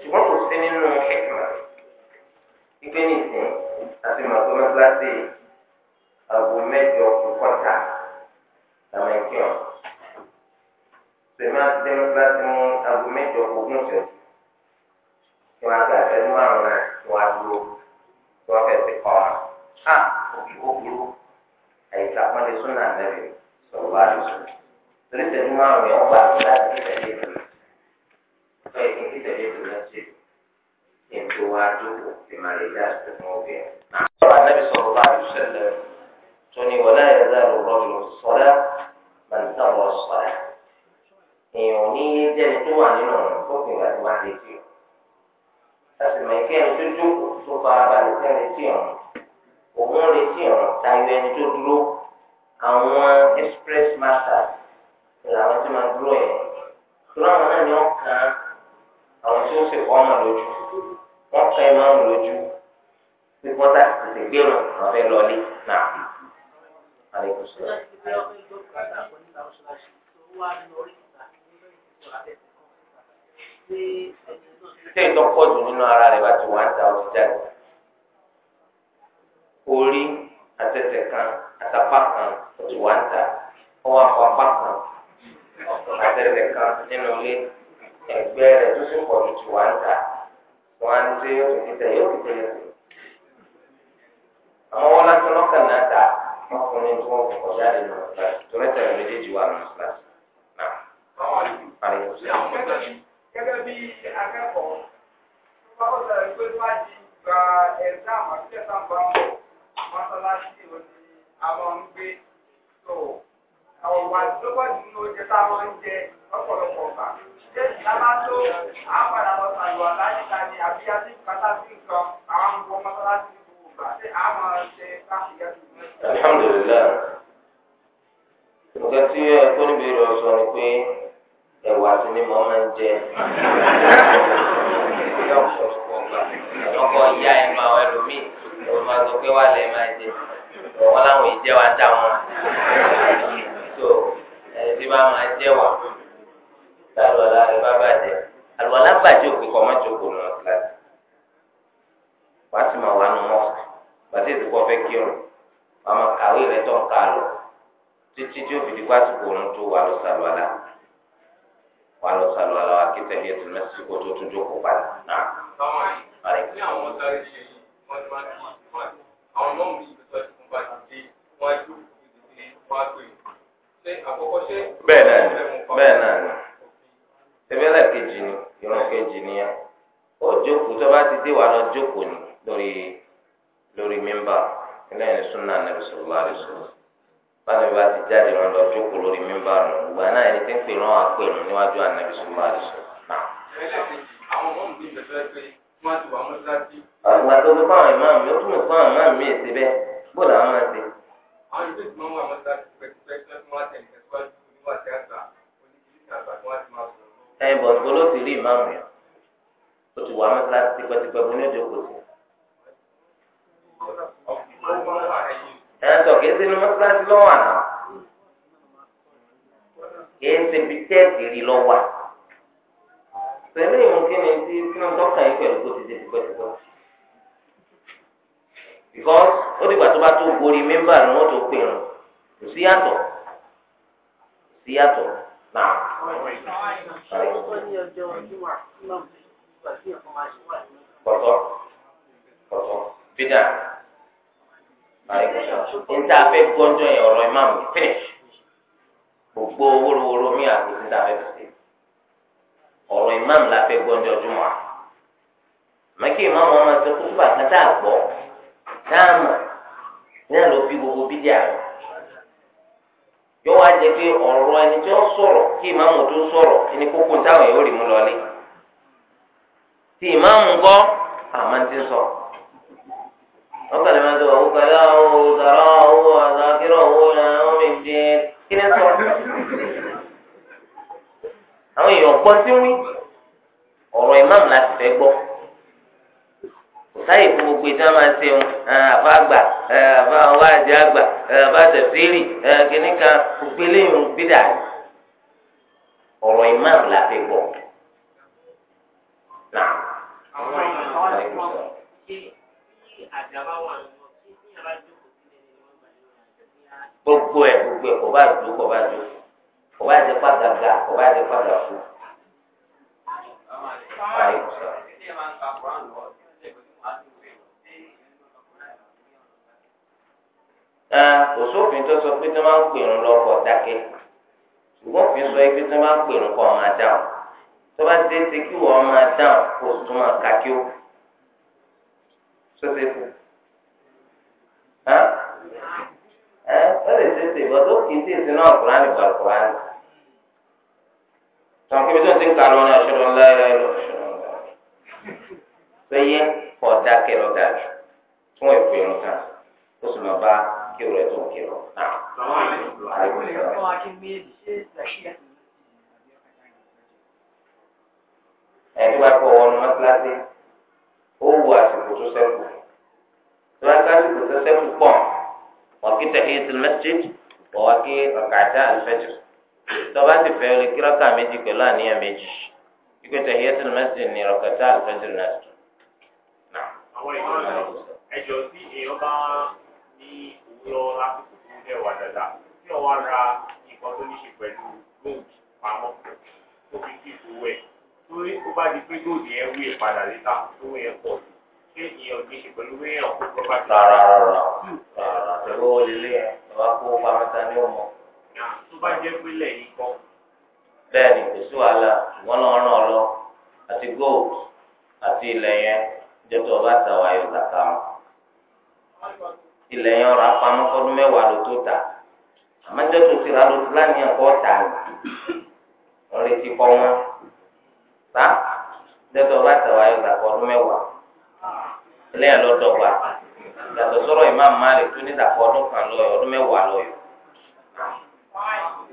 Ṣùgbọ́n kò sí nínú hikma. Ìgbé nìsín àti màgbọ́n mẹ́tíláṣí àgbo mẹ́jọ. máa ń tẹ́lú kíláàsì mú aago mẹ́jọ ogún ṣe kí wọ́n gba ẹ̀fẹ́ mú àrùn náà kí wọ́n á dúró kí wọ́n fẹ́ẹ́ ti kọ́ ọ́n. a òkè òkúrú àyíká pọ́nlé súnà àbẹ̀rẹ̀ sọ̀rọ̀ bá rẹ̀ sùn. torí tẹ̀lé mú àrùn yẹn wà láti kí tẹ̀lé ìlú sọ èyí kí tẹ̀lé ìlú náà ṣe kí n tó wá dúró kí máa lè dá àṣẹ fún obìnrin. àwọn ànábì sọ̀rọ̀ bá rẹ̀ sẹ́lẹ̀ èèyàn ní yé jẹ́ni tó wà nínú ọ̀rọ̀ fófin àti wá lè tì ọ́. a sì mọ̀ ike ẹni tó jókòó tó farabalẹ̀ sí ẹni tì ọ̀rọ̀ òun retí ọ̀rọ̀ tayọ ẹni tó dúró àwọn express masters làwọn tó máa dúró yẹn dúró àwọn náà ni wọ́n kan àwọn tí ó sì kọ́ ọmọ lójú wọ́n kan ẹ̀ma ọ̀hún lójú pé wọ́n ta tètè gbérò àwọn fẹ́ lọlé náà. Aleykum salaam tẹ́yìn tó pọ̀ jù nínú ara rẹ̀ bá ti wà ń ta ọtí jáde orí àtẹ̀tẹ̀ kan àtàpá kan ó ti wà ń ta ọwọ́ àpapá kan àtẹ̀tẹ̀ kan nínú ilé ẹgbẹ́ rẹ̀ tó sì pọ̀ jù ti wà ń ta wọ́n á ní sí yóò fi tẹ̀ yóò fi tẹ̀ yóò fi àwọn wọn lásán lọ́kàn náà ta ọkùnrin tí wọ́n kọ̀ jáde nù ọ̀sán torí tẹ̀lé méjèèjì wà nù ọ̀sán àlàyé òsì. gẹ́gẹ́ bí akẹ́kọ̀ọ́ bá ó sọ̀rọ̀ pé má di gba ẹ̀sáàmù àti ẹ̀sáàmù bá mọ́sálásí òní àwọn ń gbé tó ọ̀wà tó bá dùn ní oúnjẹ táwọn ń jẹ lọ́pọ̀lọpọ̀ gbà. ṣé ìdáná tó àpàdà lọ sàlùwà láyíká ni àbí àti ìpàtà nǹkan àwọn ń bọ mọ́sálásí gbogbo gbà ṣé àmọ́ ṣe káṣíyá tó ní. alhamdulilayi nǹkan tí sì ni mò ń máa ń jẹ lọ́kọ̀ ya ẹ̀ máa wọ ẹlòmíì ló máa sọ pé wà lẹ́ máa jẹ wọn láwọn ìjẹ́ wa dá wọn tó ẹbí bá máa jẹ́ wa tá rẹ bá bàjẹ́ àlùwàlá bàjẹ́ òkè kọ́ máa jókòó nù ọ́sílẹ̀ wà á sì máa wà nù mọ́ọ̀sì bàtí ìdìbò fẹ́ kírun wà á máa kàwé rẹ tó ń kà lọ títí tí ó fi di pásítọ̀ òun tó wà lọ wà lọ sàlù àlọ akéfẹ yẹ tó mẹsì kó tó tún jókòó padà náà. ní àwọn sáré ṣe wọn ti máa ń kí ìfúnwa àwọn náà mú ìgbésọ ìfún bá ti dé wọn á jókòó ìdílé wọn á gbé ṣé àkọ́kọ́ ṣé. bẹ́ẹ̀ náà ni bẹ́ẹ̀ náà ni tẹbẹlẹ kejì ni ìran kejì ni ya ó jókòó tó bá ti dé wà jókòó ni lórí lórí mímbà ilé ìsúná nàbẹsọlá àdìsọlá bá ti jáde wọn lọ jókòó lórí mímbà nù ìgbà náà ẹni tí ń pè náà àpè nù níwájú ànábi sọlá àdìsọ. àgbà tó fi fáwọn ìmáàmù mi ó tún fún àwọn ìmáàmù mi èsì bẹ́ẹ̀ bó làwọn máa ṣe. àwọn ìlú ìgbìmọ̀ wà mọ́tà pẹ̀lú ẹ̀yìn bọ̀ tó ló ti rí ìmáàmù yẹn ó ti wà mọ́tàlá tipẹ́tipẹ́ bó ní ojókòó sí. ẹ̀yìn tó kìí sínú mọ́tàlá ti lọ́wọ́ àná kìí ṣe bí tẹ́ẹ̀tì rí lọ́wọ́ pẹ̀lú ìwọ̀n kí ni tí sínú yìí pẹ̀lú kó ti ṣe tipẹ́tipẹ́ because ó dìgbà tó bá tó gorí mẹ́mbà ni wọ́n tó pè wọ́n kò sí yàtọ̀ sí yàtọ̀ náà. kọ̀tọ̀ kọ̀tọ̀ fídà báyìí kọ̀tọ̀ níta fẹ́ gbọ́njọ́ yẹn ọ̀rọ̀ ìmáàmù finish. gbogbo wórówóró mi àkóso tá a fẹ́ fi ọ̀rọ̀ imam la fẹ́ gbọ́ jùmọ̀ à imam ọmọ ẹ̀sẹ̀ kúkúbà kan tá a gbọ́ fi gbogbo bídí àrùn yóò wá pé ọ̀rọ̀ ẹni tí ó sọ̀rọ̀ kí imam tó sọ̀rọ̀ ẹni kókó táwọn yóò rí mú tí imam gbọ́ àmọ́ ti sọ wọ́n kàlẹ́ máa àwọn èèyàn gbọ́ tí wí ọ̀rọ̀ ìmáàmù láti fẹ́ gbọ́ sáyè fún gbogbo ìtàn máa ń ṣeun àbá àgbà àbá àwọn àjẹ àgbà àbá tẹ̀síìrì kìnnì kan gbogbo eléyìí ń gbé dàrí ọ̀rọ̀ ìmáàmù la fi gbọ́. gbogbo ẹ̀ gbogbo ẹ̀ kò bá dùn kò bá dùn kò bá jẹ pa gàgà kò bá jẹ pa gàkú. òsòfin tó sọ pé tó máa ń pèrún lọ́pọ̀ dákẹ́ ṣùgbọ́n òfin sọ pé tó máa ń pèrún kọ́ máa dáhùn tó bá ti ṣe kí wọ́n máa dáhùn kó o tún máa ka o sọ́sẹ́ fún ẹ ẹ lè ṣe ṣe ìbọn tó kì í ṣe ìsinú àkùrá ní balùkùrá ní tọ́wọ́n kí mi tó ń ti ń kàrọ̀ ní aṣọ́rọ̀ ńlá ẹ̀rọ ẹ̀rọ aṣọ́rọ̀ ńlá péye kọ̀ dákẹ́ lọ dájú fún ẹ̀kọ́ irun kan ó sì máa bá kí o rẹ̀ tó ń kírọ̀ náà. ẹni bá kọ ọ̀nà mọ́tíláṣí ó wu àsìkò tó sẹ́kù tó bá sásìkò tó sẹ́kù pọ̀ wọ́n kí tẹ̀hí ti wọ́n kí ọ̀kadà àlùfẹ́jọ́. tọba ti fẹ́ lè kíráka méjì pẹ̀lú àníyàn méjì ikú tẹ yẹ sínú mẹsìn ní rọkẹtà àlùfẹjì náà tó. àwọn èèyàn ẹjọ tí èèyàn bá ní òwúrọ̀ lásìkò tó ń wà dáadáa tí ra nǹkan tó ní ṣe gold tó fi kí ìlú wẹ torí ó bá di pé gold yẹn wí ìpadà lítà tó wẹ ṣé ìyẹn ò ní ṣe wíyàn kó bá ti. rárá rárá rárá tó bá jẹ́ pé lẹ́yìn kọ́. bẹ́ẹ̀ni kò wàhálà ṣùgbọ́n ràn lọ àti gold àti ilẹ̀ yẹn jẹ́ tó o bá ta wàá yọ zàkà ilẹ̀ yẹn ọ̀rọ̀ tó ta àmọ́ jẹ́ tó ti ra ló ti láàyè ẹ̀kọ́ ta lè ti kọ́ wọn. tá jẹ́ tó o bá ta ọdún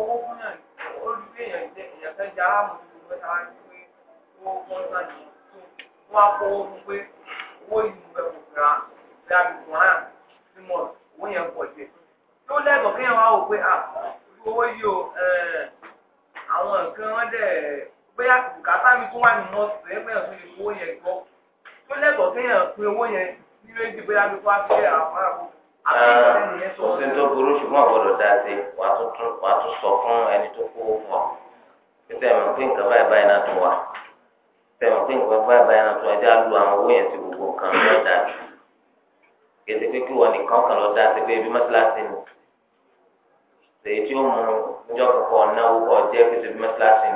fowó fún yàn ó èèyàn jẹ èèyàn fẹ́ jẹ aráàmù tó gbogbo ẹ̀ta wáyé pé owó kọ́ńtà ni tó wọ́n á fowó fún pé owó yìí mo kò fira bí a bí kò mọ̀ owó yẹn pọ̀ jẹ. tó lẹ́gọ̀ọ́ kéèyàn wá wò pé owó yìí o àwọn nǹkan wọn dẹ̀ bóyá bùkátà mi tó wà nínú ọ̀sẹ̀ ẹgbẹ́ yẹn tó lè fowó yẹn gbọ́ tó lẹ́gọ̀ọ́ kéèyàn pín owó yẹn ní méjì bóyá bí kò àwọn àbúrò òsín tó burú ṣùgbọ́n àgbọ̀dọ̀ dá sí wàá tún sọ fún ẹni tó kó fún ọ pété ẹ̀mọ̀ pé nǹkan báyìí báyìí náà tún wà pété ẹ̀mọ̀ pé nǹkan báyìí báyìí náà tún wà ẹjẹ́ á lu àwọn owó yẹn sí gbogbo nǹkan lọ́ dà jù kété pé kí wọ́n nìkan kan lọ dá sí pé ibi mọ́tíláṣí ni èyí tí ó mú ọjọ́ kọ̀ọ̀kan náwó kọ̀ jẹ́ pé ibi ni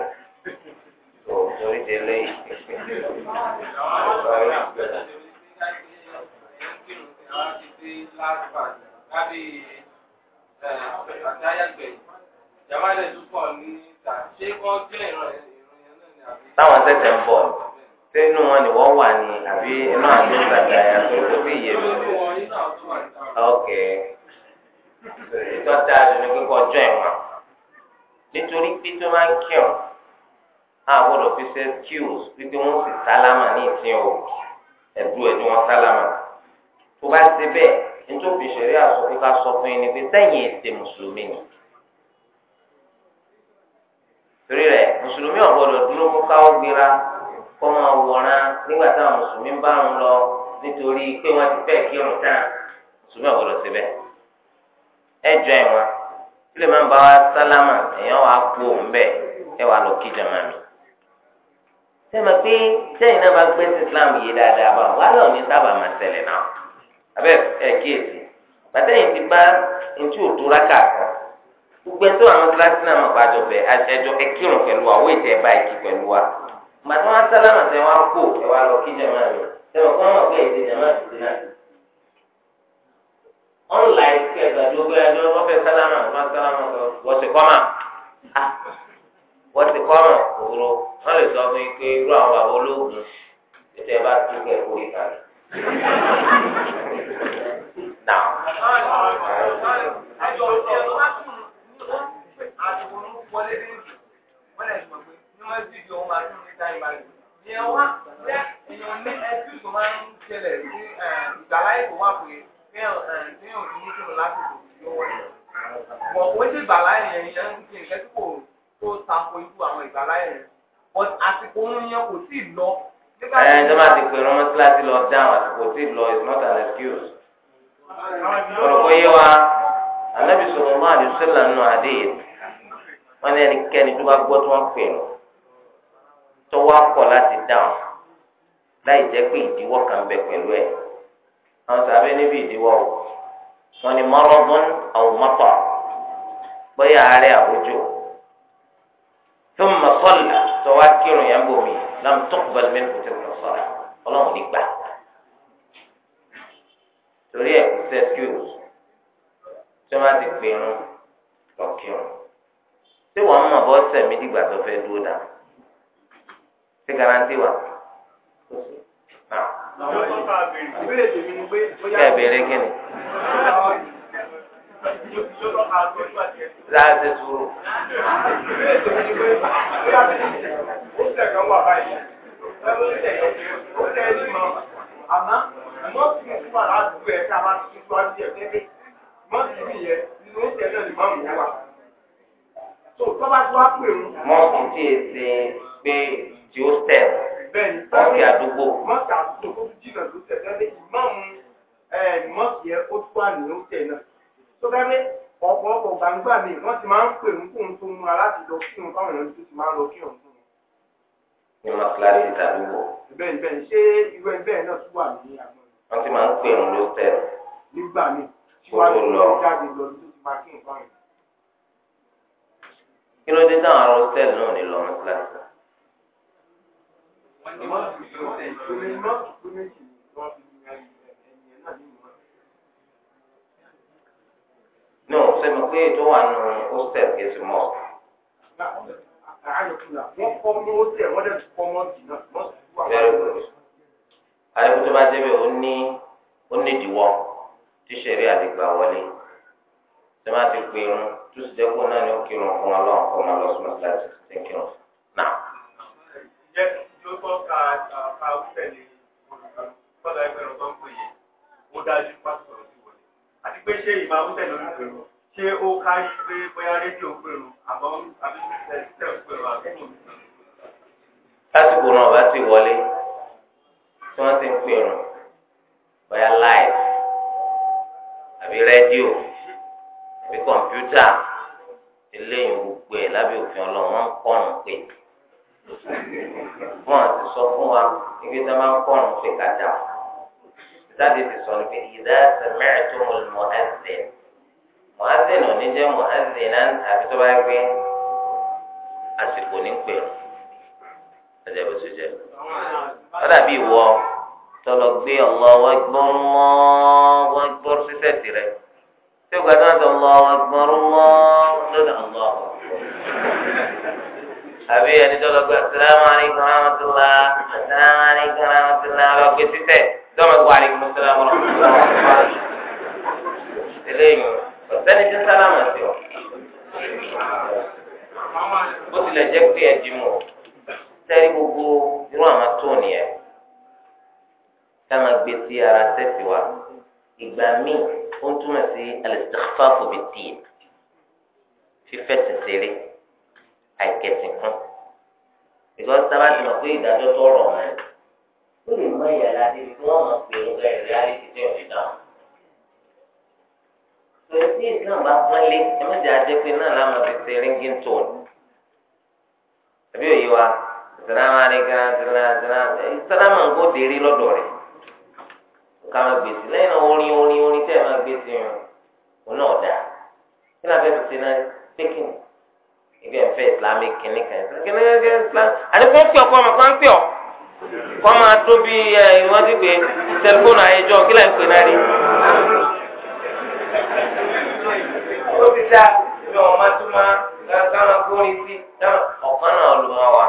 tó torí sí last bank kábí àdáyàgbẹ̀yìn jamalẹ̀ tó pọ̀ ní ìta ṣé wọ́n jẹ́ ìran ìròyìn náà ni àbí. táwọn tẹ̀sẹ̀ ń bọ̀ ṣé inú wọn ni wọ́n wà ní àbí inú àti ìgbàgbà yà tó tó bí iye mi. ok ìtọ́ ta àdùnnú kíkọ́ ọjọ́ ẹ̀ wọ́n nítorí pé tó máa ń kírun a gbọ́dọ̀ fi ṣe skills wípé wọ́n sì sálámà ní ìsìn o ẹ̀dú ẹ̀ ni sálámà tó bá ṣe bẹ́ẹ̀ nítòfin ṣẹ̀rí àsọ̀rọ̀ ká sọ fún yín ni pé sẹ́yìn ètè mùsùlùmí ni. torí rẹ̀ mùsùlùmí ò gbọ́dọ̀ dúró kó káwọ́ gbéra kó máa wọ̀ran nígbà táwọn mùsùlùmí bá ń lọ nítorí pé wọ́n ti fẹ́ kírun tán mùsùlùmí ò gbọ́dọ̀ bẹ́ẹ̀. ẹ jọ ìwọ̀n ilé máa bá wa sálámà èèyàn wàá kú òun bẹ́ẹ̀ ẹ wàá lọ kí jàmá mi. sẹ́yìn náà bá gbé Islam yìí dáadáa báwọn wàá lọ́ọ̀ abẹ ẹ kíyèsí pàtẹ́yìn ti bá ntí òdu rákà kan gbogbo ẹtọ́ àwọn kíláàsì náà mọ̀ bàjọ́ bẹ̀ ẹjọ́ ẹ kírun pẹ̀lú wa owó ìtẹ́ bá ìkí pẹ̀lú wa màtí wọn sálámà wọn kó ẹ wá lọ kí tẹmọ kí wọn ti ọ̀nlàyé wọn wọ́n ti kọ́ ah, òwúrọ̀ wọ́n àjọ òṣèlú tó bá tún àsìkò ń wọlé ní ìlú wọn lè sọ pé ní wọn sì di ohun àti ní táyì máa lò ìyẹn wá bẹ èèyàn ní ẹtú tó máa ń ṣẹlẹ̀ sí ìgbàláyè tó wà pé ní òní ní kíni lásìkò yóò wọlé wọn kò sí ìgbàláyè yẹn yẹn ń ṣe nǹkan tí kò tó tako ikú àwọn ìgbàláyè yẹn but àsìkò ń yẹn kò sí lọ. ẹ ẹ ǹjẹ́ máa ti pè rọ́mọ́síláṣí lọ dáhùn àsìkò tí ì lọ is not an excuse ọ̀rọ̀kọ́ yé wa anabi sọ̀rọ̀ mọ́ àdìsọ́là nù àdéhìí wọn ní ẹnikẹ́ni tó bá gbọ́ tó wọn pè lọ tọwọ́ akọ̀ láti dáhùn láì jẹ́ pé ìdíwọ́ kan bẹ pẹ̀lú ẹ̀ àwọn sábẹ́ níbi ìdíwọ́ o wọn ni mọ́rọ́gán àwọn mọ́tọ̀ bóyá ààrẹ àwùjọ tó mọ̀ sọ́là tọwọ́ akírun yẹn bomi lam tó balùwẹ̀ kò tẹ̀ wọ́n sọ̀rọ̀ ọlọ́run nígbà torí ẹ̀ kò sẹ́kíùs tí wọ́n bá ti pè irun lọ́kìrun tí wọ́n mọ̀ bọ́ sẹ̀mí dìgbà tó fẹ́ dúró dà sí garanti wa. Bẹ́ẹ̀ bẹ̀rẹ̀ kí ni? Láti sùúrù. Àmọ́ mọ́sí mi wà ládùúgbò ẹ̀ ká bá ti sọ ọ́ díẹ̀ pépé mọ́sí mi yẹn nínú oúnjẹ náà ni máa mú wa. tó tó bá tó wá pè mú. mọ́sí tí e ṣe pé tí ó tẹ̀ mọ́sí àdúgbò. mọ́sí àdúgbò tó ti jìnnà tó tẹ̀ lẹ́lẹ́ ìmáàmù mọ́sí yẹn ó tó wà nínú oúnjẹ náà. tó bá dé ọ̀pọ̀lọpọ̀ gbangba mi wọ́n ti máa ń pè mú kóhun tó mú aláti lọ kí òun fáwọn èèyàn tó ti máa ń lọ kí òun fún un. ní wọn kíláàsì ìdádúgbò. bẹ́ẹ̀ ṣé irú ẹgbẹ́ náà tún wà ní àgbọn wọ́n ti máa ń pè ń lọ́sẹ̀lì. nígbà mi síwájú ló ń jáde lọ ní tó ti máa kí nǹkan yìí. kí ló dé táwọn ará hostel náà ní lọ mọ́síláṣí. no sẹ́mi pé ètò wà nù hostel kì í ti mọ̀. Very good àyẹ̀kú tó bá débẹ̀ ó ní ó ní ìdíwọ́ tí sẹ̀rí àdìgbà wọlé tó ti pè irun tó sì jẹ́ kó náà ní ó kírun fún wọn lọ́wọ́ kó máa lọ sí mọ́tíláṣí tí ń kírun náà. ǹjẹ́ tí ó tọ́ ka ká tẹ̀lé olùkọ́lá ẹgbẹ̀rún tó ń pè yẹn ó dájú pásítọ̀ sí wọlé àti pé ṣé ìmọ̀ àwọn tẹ̀lé olùkọ́lá ṣé ó kárí pé bóyá rédíò pèrò àbọ̀ àbí tẹ̀lé pèrò ń sọ̀rọ̀. lásìkò náà bá tí wọ́n ti ń life àbí rédíò àbí kọ̀mpútà eléyìí gbogbo ẹ̀ lábẹ́ òfin ọlọ́run sọ fún wa ibi tí wọ́n máa ń kọ́rùn pé kàdá ti sọ ní pé ìdá sẹmẹ́rẹ̀ tó mọ̀ lọ́mọ́ ẹ̀sẹ̀ mọ̀hásìn ò jẹ́ mọ̀hásìn náà àbí tó bá àsìkò kọ́dà bí ìwọ tọlọ gbé Allahu Akbar Allahu Akbar sísẹ̀ tirẹ̀ tí o gbà tó ń sọ Allahu Akbar Allahu lónà ọlọ́ àbí ẹni tọlọ gbé assalamu alaikum warahmatullah assalamu alaikum warahmatullah lọ gbé sísẹ̀ dọ́mọ̀ gbọ́ alaikum assalamu warahmatullah eléyìí ọ̀sẹ́ni tí ń sálámù sí bó tilẹ̀ jẹ́ pé ẹ̀dínmọ̀ sẹ́ni gbogbo. àwọn tóònù ẹ ká máa gbé sí ara sẹ́ẹ̀sì wa ìgbà míì ó ń túmọ̀ sí al-istikhfafu bid fífẹ́ fífẹ̀sì ṣeré àìkẹsìn kan ìgbà ìyá ẹ̀ láti fi wọ́n mọ̀ pé ó gbẹ ìrẹ́ ayé ti mọ̀ pé ìdájọ́ tó rọ̀ e ó lè mọ iya ìyàrá débi tí wọ́n mọ̀ pé òun bẹ̀rẹ̀ reality tí òun fi dáhùn pẹ̀lú tí islam bá pọ́nlé ẹ má jẹ́ ajẹ́ pé náà láwọn fi ṣe ringing tone àbí òye wa. sàlámù àríkà sàlámù sàlámù nǹkó dèrè lọ́dọ̀ rẹ̀ ká máa gbèsè lẹ́yìn náà orin orin orin tẹ́ ẹ máa gbèsè yẹn òun náà dáa kí ló fẹ́ fi ṣe náà pékin ibi ẹ̀ ń fẹ́ islamic kìnnì kan kìnnì kan islam àti kó ń pè ọkọ ọmọ kan ń pè ọ kó máa tó bí ẹ ìwọ́n ti pè tẹlifóònù àyẹjọ kí lẹ́yìn pè náà rí. ó ti dá ibi ọmọ tó máa ká sí ọ̀kan náà ló máa wà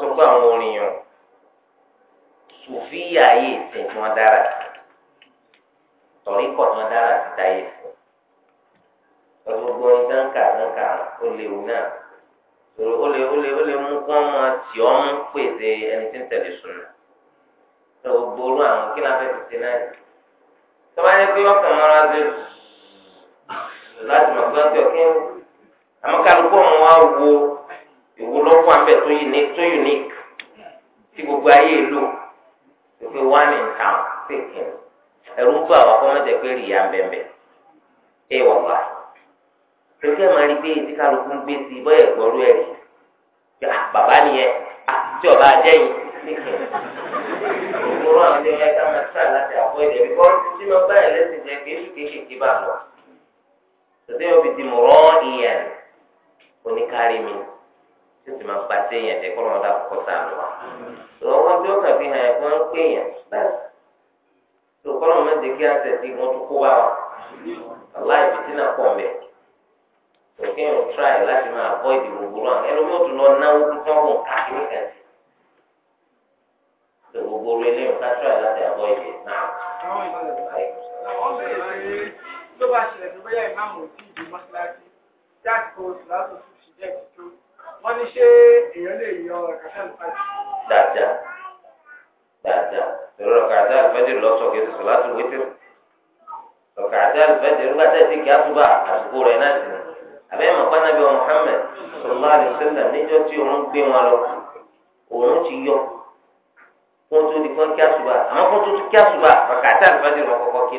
wọ́n sọ pé àwọn orin yàn sùfíà ayé ìsìn tí wọ́n dára tọ̀ríkọ̀ tí wọ́n dára ti dáyé fún gbogbo orin dáńkà dáńkà ó léwu náà ó lè ó lè ó lè mú kí wọ́n máa tì ọ́ mú pèsè ẹni tí ń tẹ̀lé sùnà tó gbogbo àwọn kí láfẹ́ ti ṣe náà tọ́ba yẹ pé wọ́n kàn mọ́ra ṣe láti mọ̀ gbọ́dọ̀ kí àmọ́ kálukú ọ̀hún wá wo. ìwo ló wà bẹ tó unique tó unique tí gbogbo ayé lò one in town thinking ẹrú ń pè àwọn akọ́mọ́jẹ pé rìyà bẹ̀bẹ̀ ẹ wà wá tòkẹ́ máa rí pé etí kálukú ń gbé sí i bọ́yẹ̀ gbọ́rú ah, bàbá ah, ọba àwọn máa sá láti ẹ̀jẹ̀ bí wọ́n ti lẹ́sìn bá lọ fi mọ̀rọ́ títí máa ba séèyàn jẹ kó lọ́wọ́ dákọ̀ kọ́ta àná wa. lọ́wọ́ tí ó kàn fi hàn ẹ̀kọ́ ń pè yàn bẹ́ẹ̀ tó kọ́ lọ́wọ́ méje kí àṣẹ tí wọ́n tún kó bá wa. aláìsí tí náà pọ̀ mẹ́. òkè yóò tíráì láti máa avoid gbogbo rán ẹlòmíì ò tún lọ náwó tó ń wọ̀n káàkiri kan sí. tó gbogbo rẹ lẹ́yìn ká tíráì láti avoid it náà. àwọn bẹ̀rẹ̀ ṣe wọ́n ní ṣé èèyàn lè yọ rọ̀kàtà àlùfáàjì. dáadáa dáadáa torí rọ̀kàtà àlùfáàjì lọ́sọ̀ kí sọ̀sọ̀ láti wí tẹ̀sán rọ̀kàtà àlùfáàjì nígbà tẹ̀ sí kí àtúbà àsìkò rẹ̀ náà sì ní. àbẹ́ mọ̀pá nàbí wa Muhammad sallallahu alaihi wasallam níjọ́ tí òun gbé wọn lọ òun ti yọ kó tó di fún kí àtúbà àmọ́ kó tó kí àtúbà rọ̀kàtà àlùfáàjì rọ̀ kọ̀kọ́ kí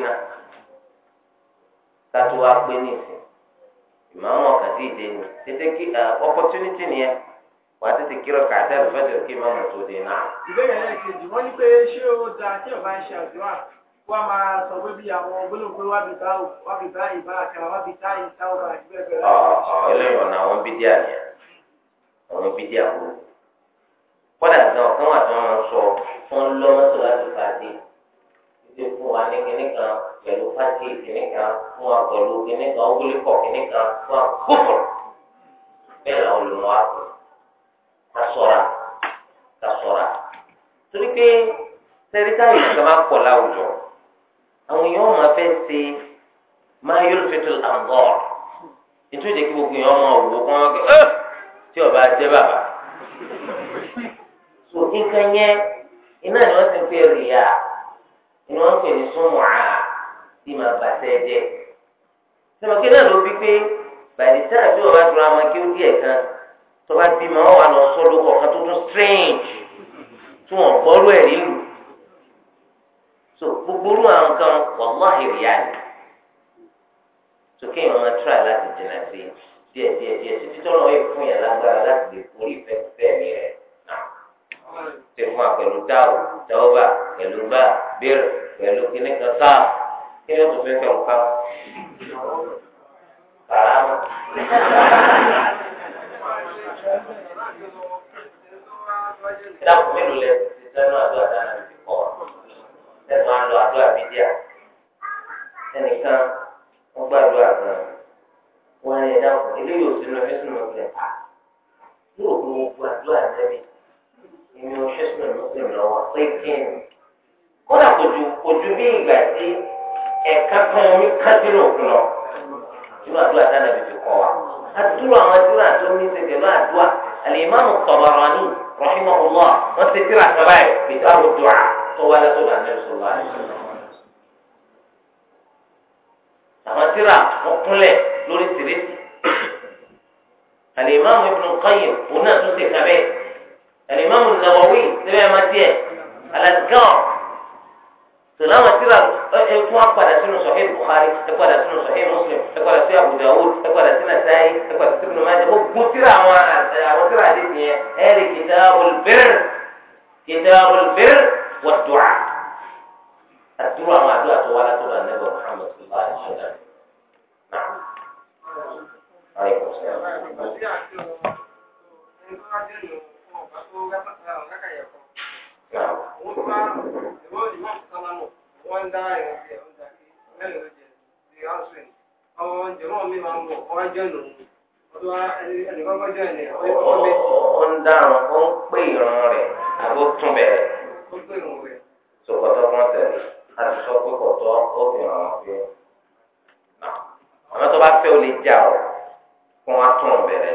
ìmáàmù ọ̀kan tí ìdè ni tètè kí opportunity nìyẹn wàá tètè kírọ̀ kàtà ìfẹ́jọ́ kí ìmáàmù tó dé náà. ìbéèrè náà kejì wọ́n ní pé ṣé ó dáa tí ọba ń ṣe àdúrà kó a máa sọ pé bí àwọn gbólóńgbó wà bí bá wà bí bá ìbá àkàrà wà bí táyì táwọn àti bẹ́ẹ̀ bẹ́ẹ̀. ọ̀ eléyìí ọ̀nà àwọn bídíà ni àwọn bídíà kú. kódà gan ọ̀kan wà tí wọ́n sọ fún lọ́mọ́sọ̀ láti fàdé ìdí fún wa ní kíní pẹ̀lú fáńtì kìnnì kan fún wa pẹ̀lú kìnnì kan pọ̀ kìnnì kan fún wa bẹ́ẹ̀ làwọn ká sọ̀ra ká sọ̀ra torí pé sẹ́ríkà máa pọ̀ láwùjọ àwọn èèyàn fẹ́ ṣe máa kí gbogbo èèyàn kọ́ ẹ́ tí ọba so yẹn iná ni wọ́n ti ń pè tí màá bà sẹ́ jẹ́ sọ̀rọ̀ kí náà ló fi pé bàdí sáà tí wọ́n bá dúró àmọ́ kí ó díẹ̀ kan tó bá bí ma wọ́n wà lọ sọ́dọ̀ kọ̀ọ̀kan tó tún strange tí wọ́n gbọ́rú ẹ̀ nílùú so gbogbo orú àwọn kan wọ́n mọ̀ àìríyá ni sókè ìwọ̀n máa tíra láti jìnnà sí díẹ̀ díẹ̀ díẹ̀ sí títọ́ lọ́wọ́ ìfún yẹn lágbára láti lè kórè ìfẹ́ fẹ́ mi rẹ̀ náà ṣe fún wa pẹ̀lú táwọ̀ táwọ̀ bá pẹ̀lú bá bẹ́ẹ̀rẹ̀ pẹ̀lú kíní kan sáà kí ló tún fẹ́ fẹ́ òkà kàràmù. dáàbò mélòó lẹ ti sẹ́nu àdúrà dáná ti pọ̀ sẹ́nu àlọ́ àdúrà mídíà ẹnìkan wọ́n gbàdúrà gan wọ́n ní ẹ̀dá eléyìí ò sínú ẹ̀fẹ́ sínú ọ̀gbìn à yóò fún ah, gbogbo àdúrà nẹ́bí ìmí oṣù sínú ọ̀gbìn lọ́wọ́ pé kí ni kódà kò ju bí ìgbà tí ẹ̀ka kan omi kájúlò òkun lọ nínú àdúrà tí ànàbì fi kọ́ wa àdúrà àwọn àdúrà tó ní ṣe pẹ̀lú àdúrà alimami Tabarani rahimahullah wọn ti tírà kaba ẹ̀ kitabu du'a tó wá lẹ́tọ̀ọ́ ànàbì sọ̀rọ̀ àdúrà. àwọn tírà wọn kúnlẹ̀ lórí tìrìtì alimami Ibn Qayyim òun náà tún ṣe kàbẹ́ alimami Nawawi tẹ́lẹ̀ sọláwọn tíra ẹ tún wá padà sínú sọhí Bukhari ẹ padà sínú sọhí Muslim ẹ padà sí Abu Dawud ẹ padà sí Nasai ẹ padà sí Ibn Majah gbogbo tíra àwọn àwọn tíra àti ìyẹn ẹ rí Kitabul Birr Kitabul Birr wà dùà àdúrà àwọn àdúrà tó wà látọ̀dọ̀ ànábì Muhammad sallallahu alaihi wa sallam. Thank you. ó ń dárun ó ń pè ìran rẹ̀ àbó tún bẹ̀rẹ̀ sọkọtọ kan tẹ́lẹ̀ láti sọ pé kọtọ ó fi hàn án pé àwọn tó bá fẹ́ o lè jà ọ kó wọn tún bẹ̀rẹ̀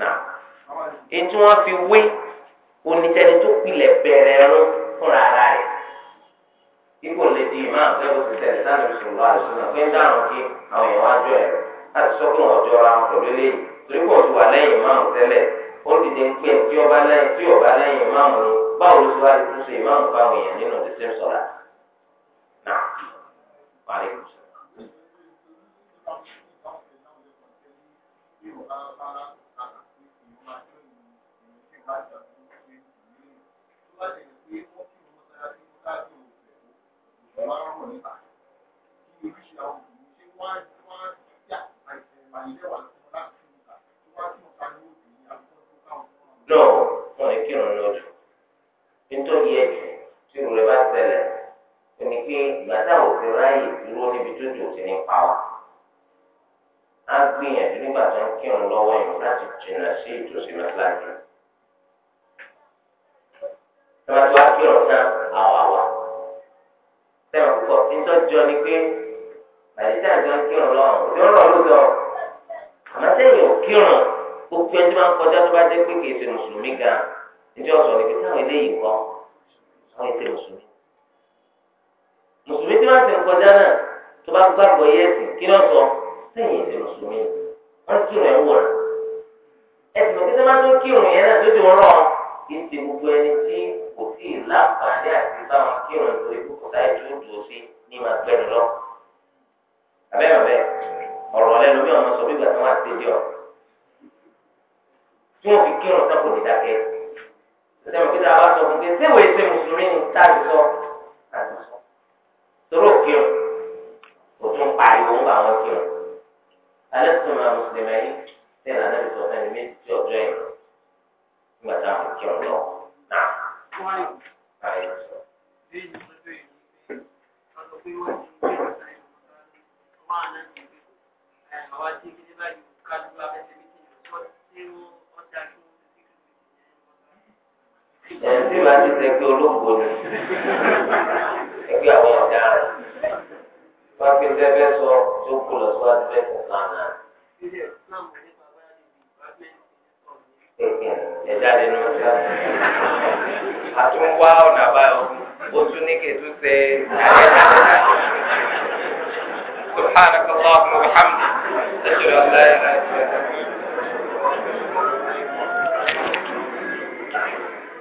náà ètí wọ́n fi wé onítẹni tó pilẹ̀ bẹ̀rẹ̀ ẹrú fúnra ara rẹ̀ ipò lè di ìmáà fẹ́ bó ti tẹ̀lé sáà lóṣù lọ́wọ́ àìsàn pé ń dáhùn kí àwọn èèyàn wájú ẹ̀ láti sọ pé wọ́n jọra wọn pẹ̀lú eléyìí torí pé wọ́n ti wà lẹ́yìn ìmáàmù tẹ́lẹ̀ ó ti dé pé tí ọba lẹ́yìn tí ọba lẹ́yìn ìmáàmù ni báwo ló ti wá ti tún ṣe ìmáàmù fáwọn èèyàn nínú ti ṣe ń sọ̀rọ̀ náà Thank you. ráyè dúró níbi tó jò sí ní pàwọ́. á gbìyànjú nígbà tó ń kírun lọ́wọ́ yìí láti jìnnà sí ìtòsí mẹ́tíláàjì. tọ́lá tó wá kírun tán àwàwà. sẹ́wọ̀n púpọ̀ tí ń tọ́jọ́ ni pé bàdìsá àjọ ń kírun lọ́wọ́ òtí ó rọ̀ lóòótọ́ àmọ́ sẹ́yìn ò kírun gbogbo ẹni máa ń kọjá tó bá jẹ́ pé kìí ṣe mùsùlùmí sọ̀rọ̀ ìgbésẹ̀ àwọn eléyìí kọ́ àwọn mùsùlùmí. nínú àṣẹ kọjá náà tó bá gbàgbọ́ yẹ ẹ̀sìn kí ló sọ sẹ́yìn ẹ̀sìn mùsùlùmí wọ́n kírun ẹ̀ wọ̀ rẹ̀ ẹ̀sìn mọ̀ títí máa tó kírun yẹn náà tó ti wọ́n rọ̀ ìṣe gbogbo ẹni tí kò sí ìlànà àti báwọn kírun nítorí kókò táyé tó ń dùn sí ní máa gbẹ́nu lọ. abẹ́rẹ́ bẹ́ẹ̀ ọ̀rọ̀ lẹ́nu mi ọ̀nà sọ bí gbàtàn wà sí ìjọ tí wọ́n fi kírun sápò ní dákẹ́ sẹ́mi kí tóró kírun ó tún pariwo ń bá wọn kírun alẹ́ tó máa mùsùlùmí ayé tẹ̀lé anábì sọ fẹ́ni méjì tí ọjọ́ ẹ̀ lọ nígbà táwọn kírun lọ náà. Ẹ̀sìn máa ti sẹ́kẹ́ olóògbé ni. ẹgbẹ́ àwọn ọ̀daràn wọ́n fi bẹ́ẹ̀ sọ tó kú lọ síwájú bẹ́ẹ̀ kò lánà. ẹ jáde ní ọjà àtúnwá ọ̀nà àbáyọ ó tún ní kí ètò ṣe سبحانك اللهم وبحمدك لا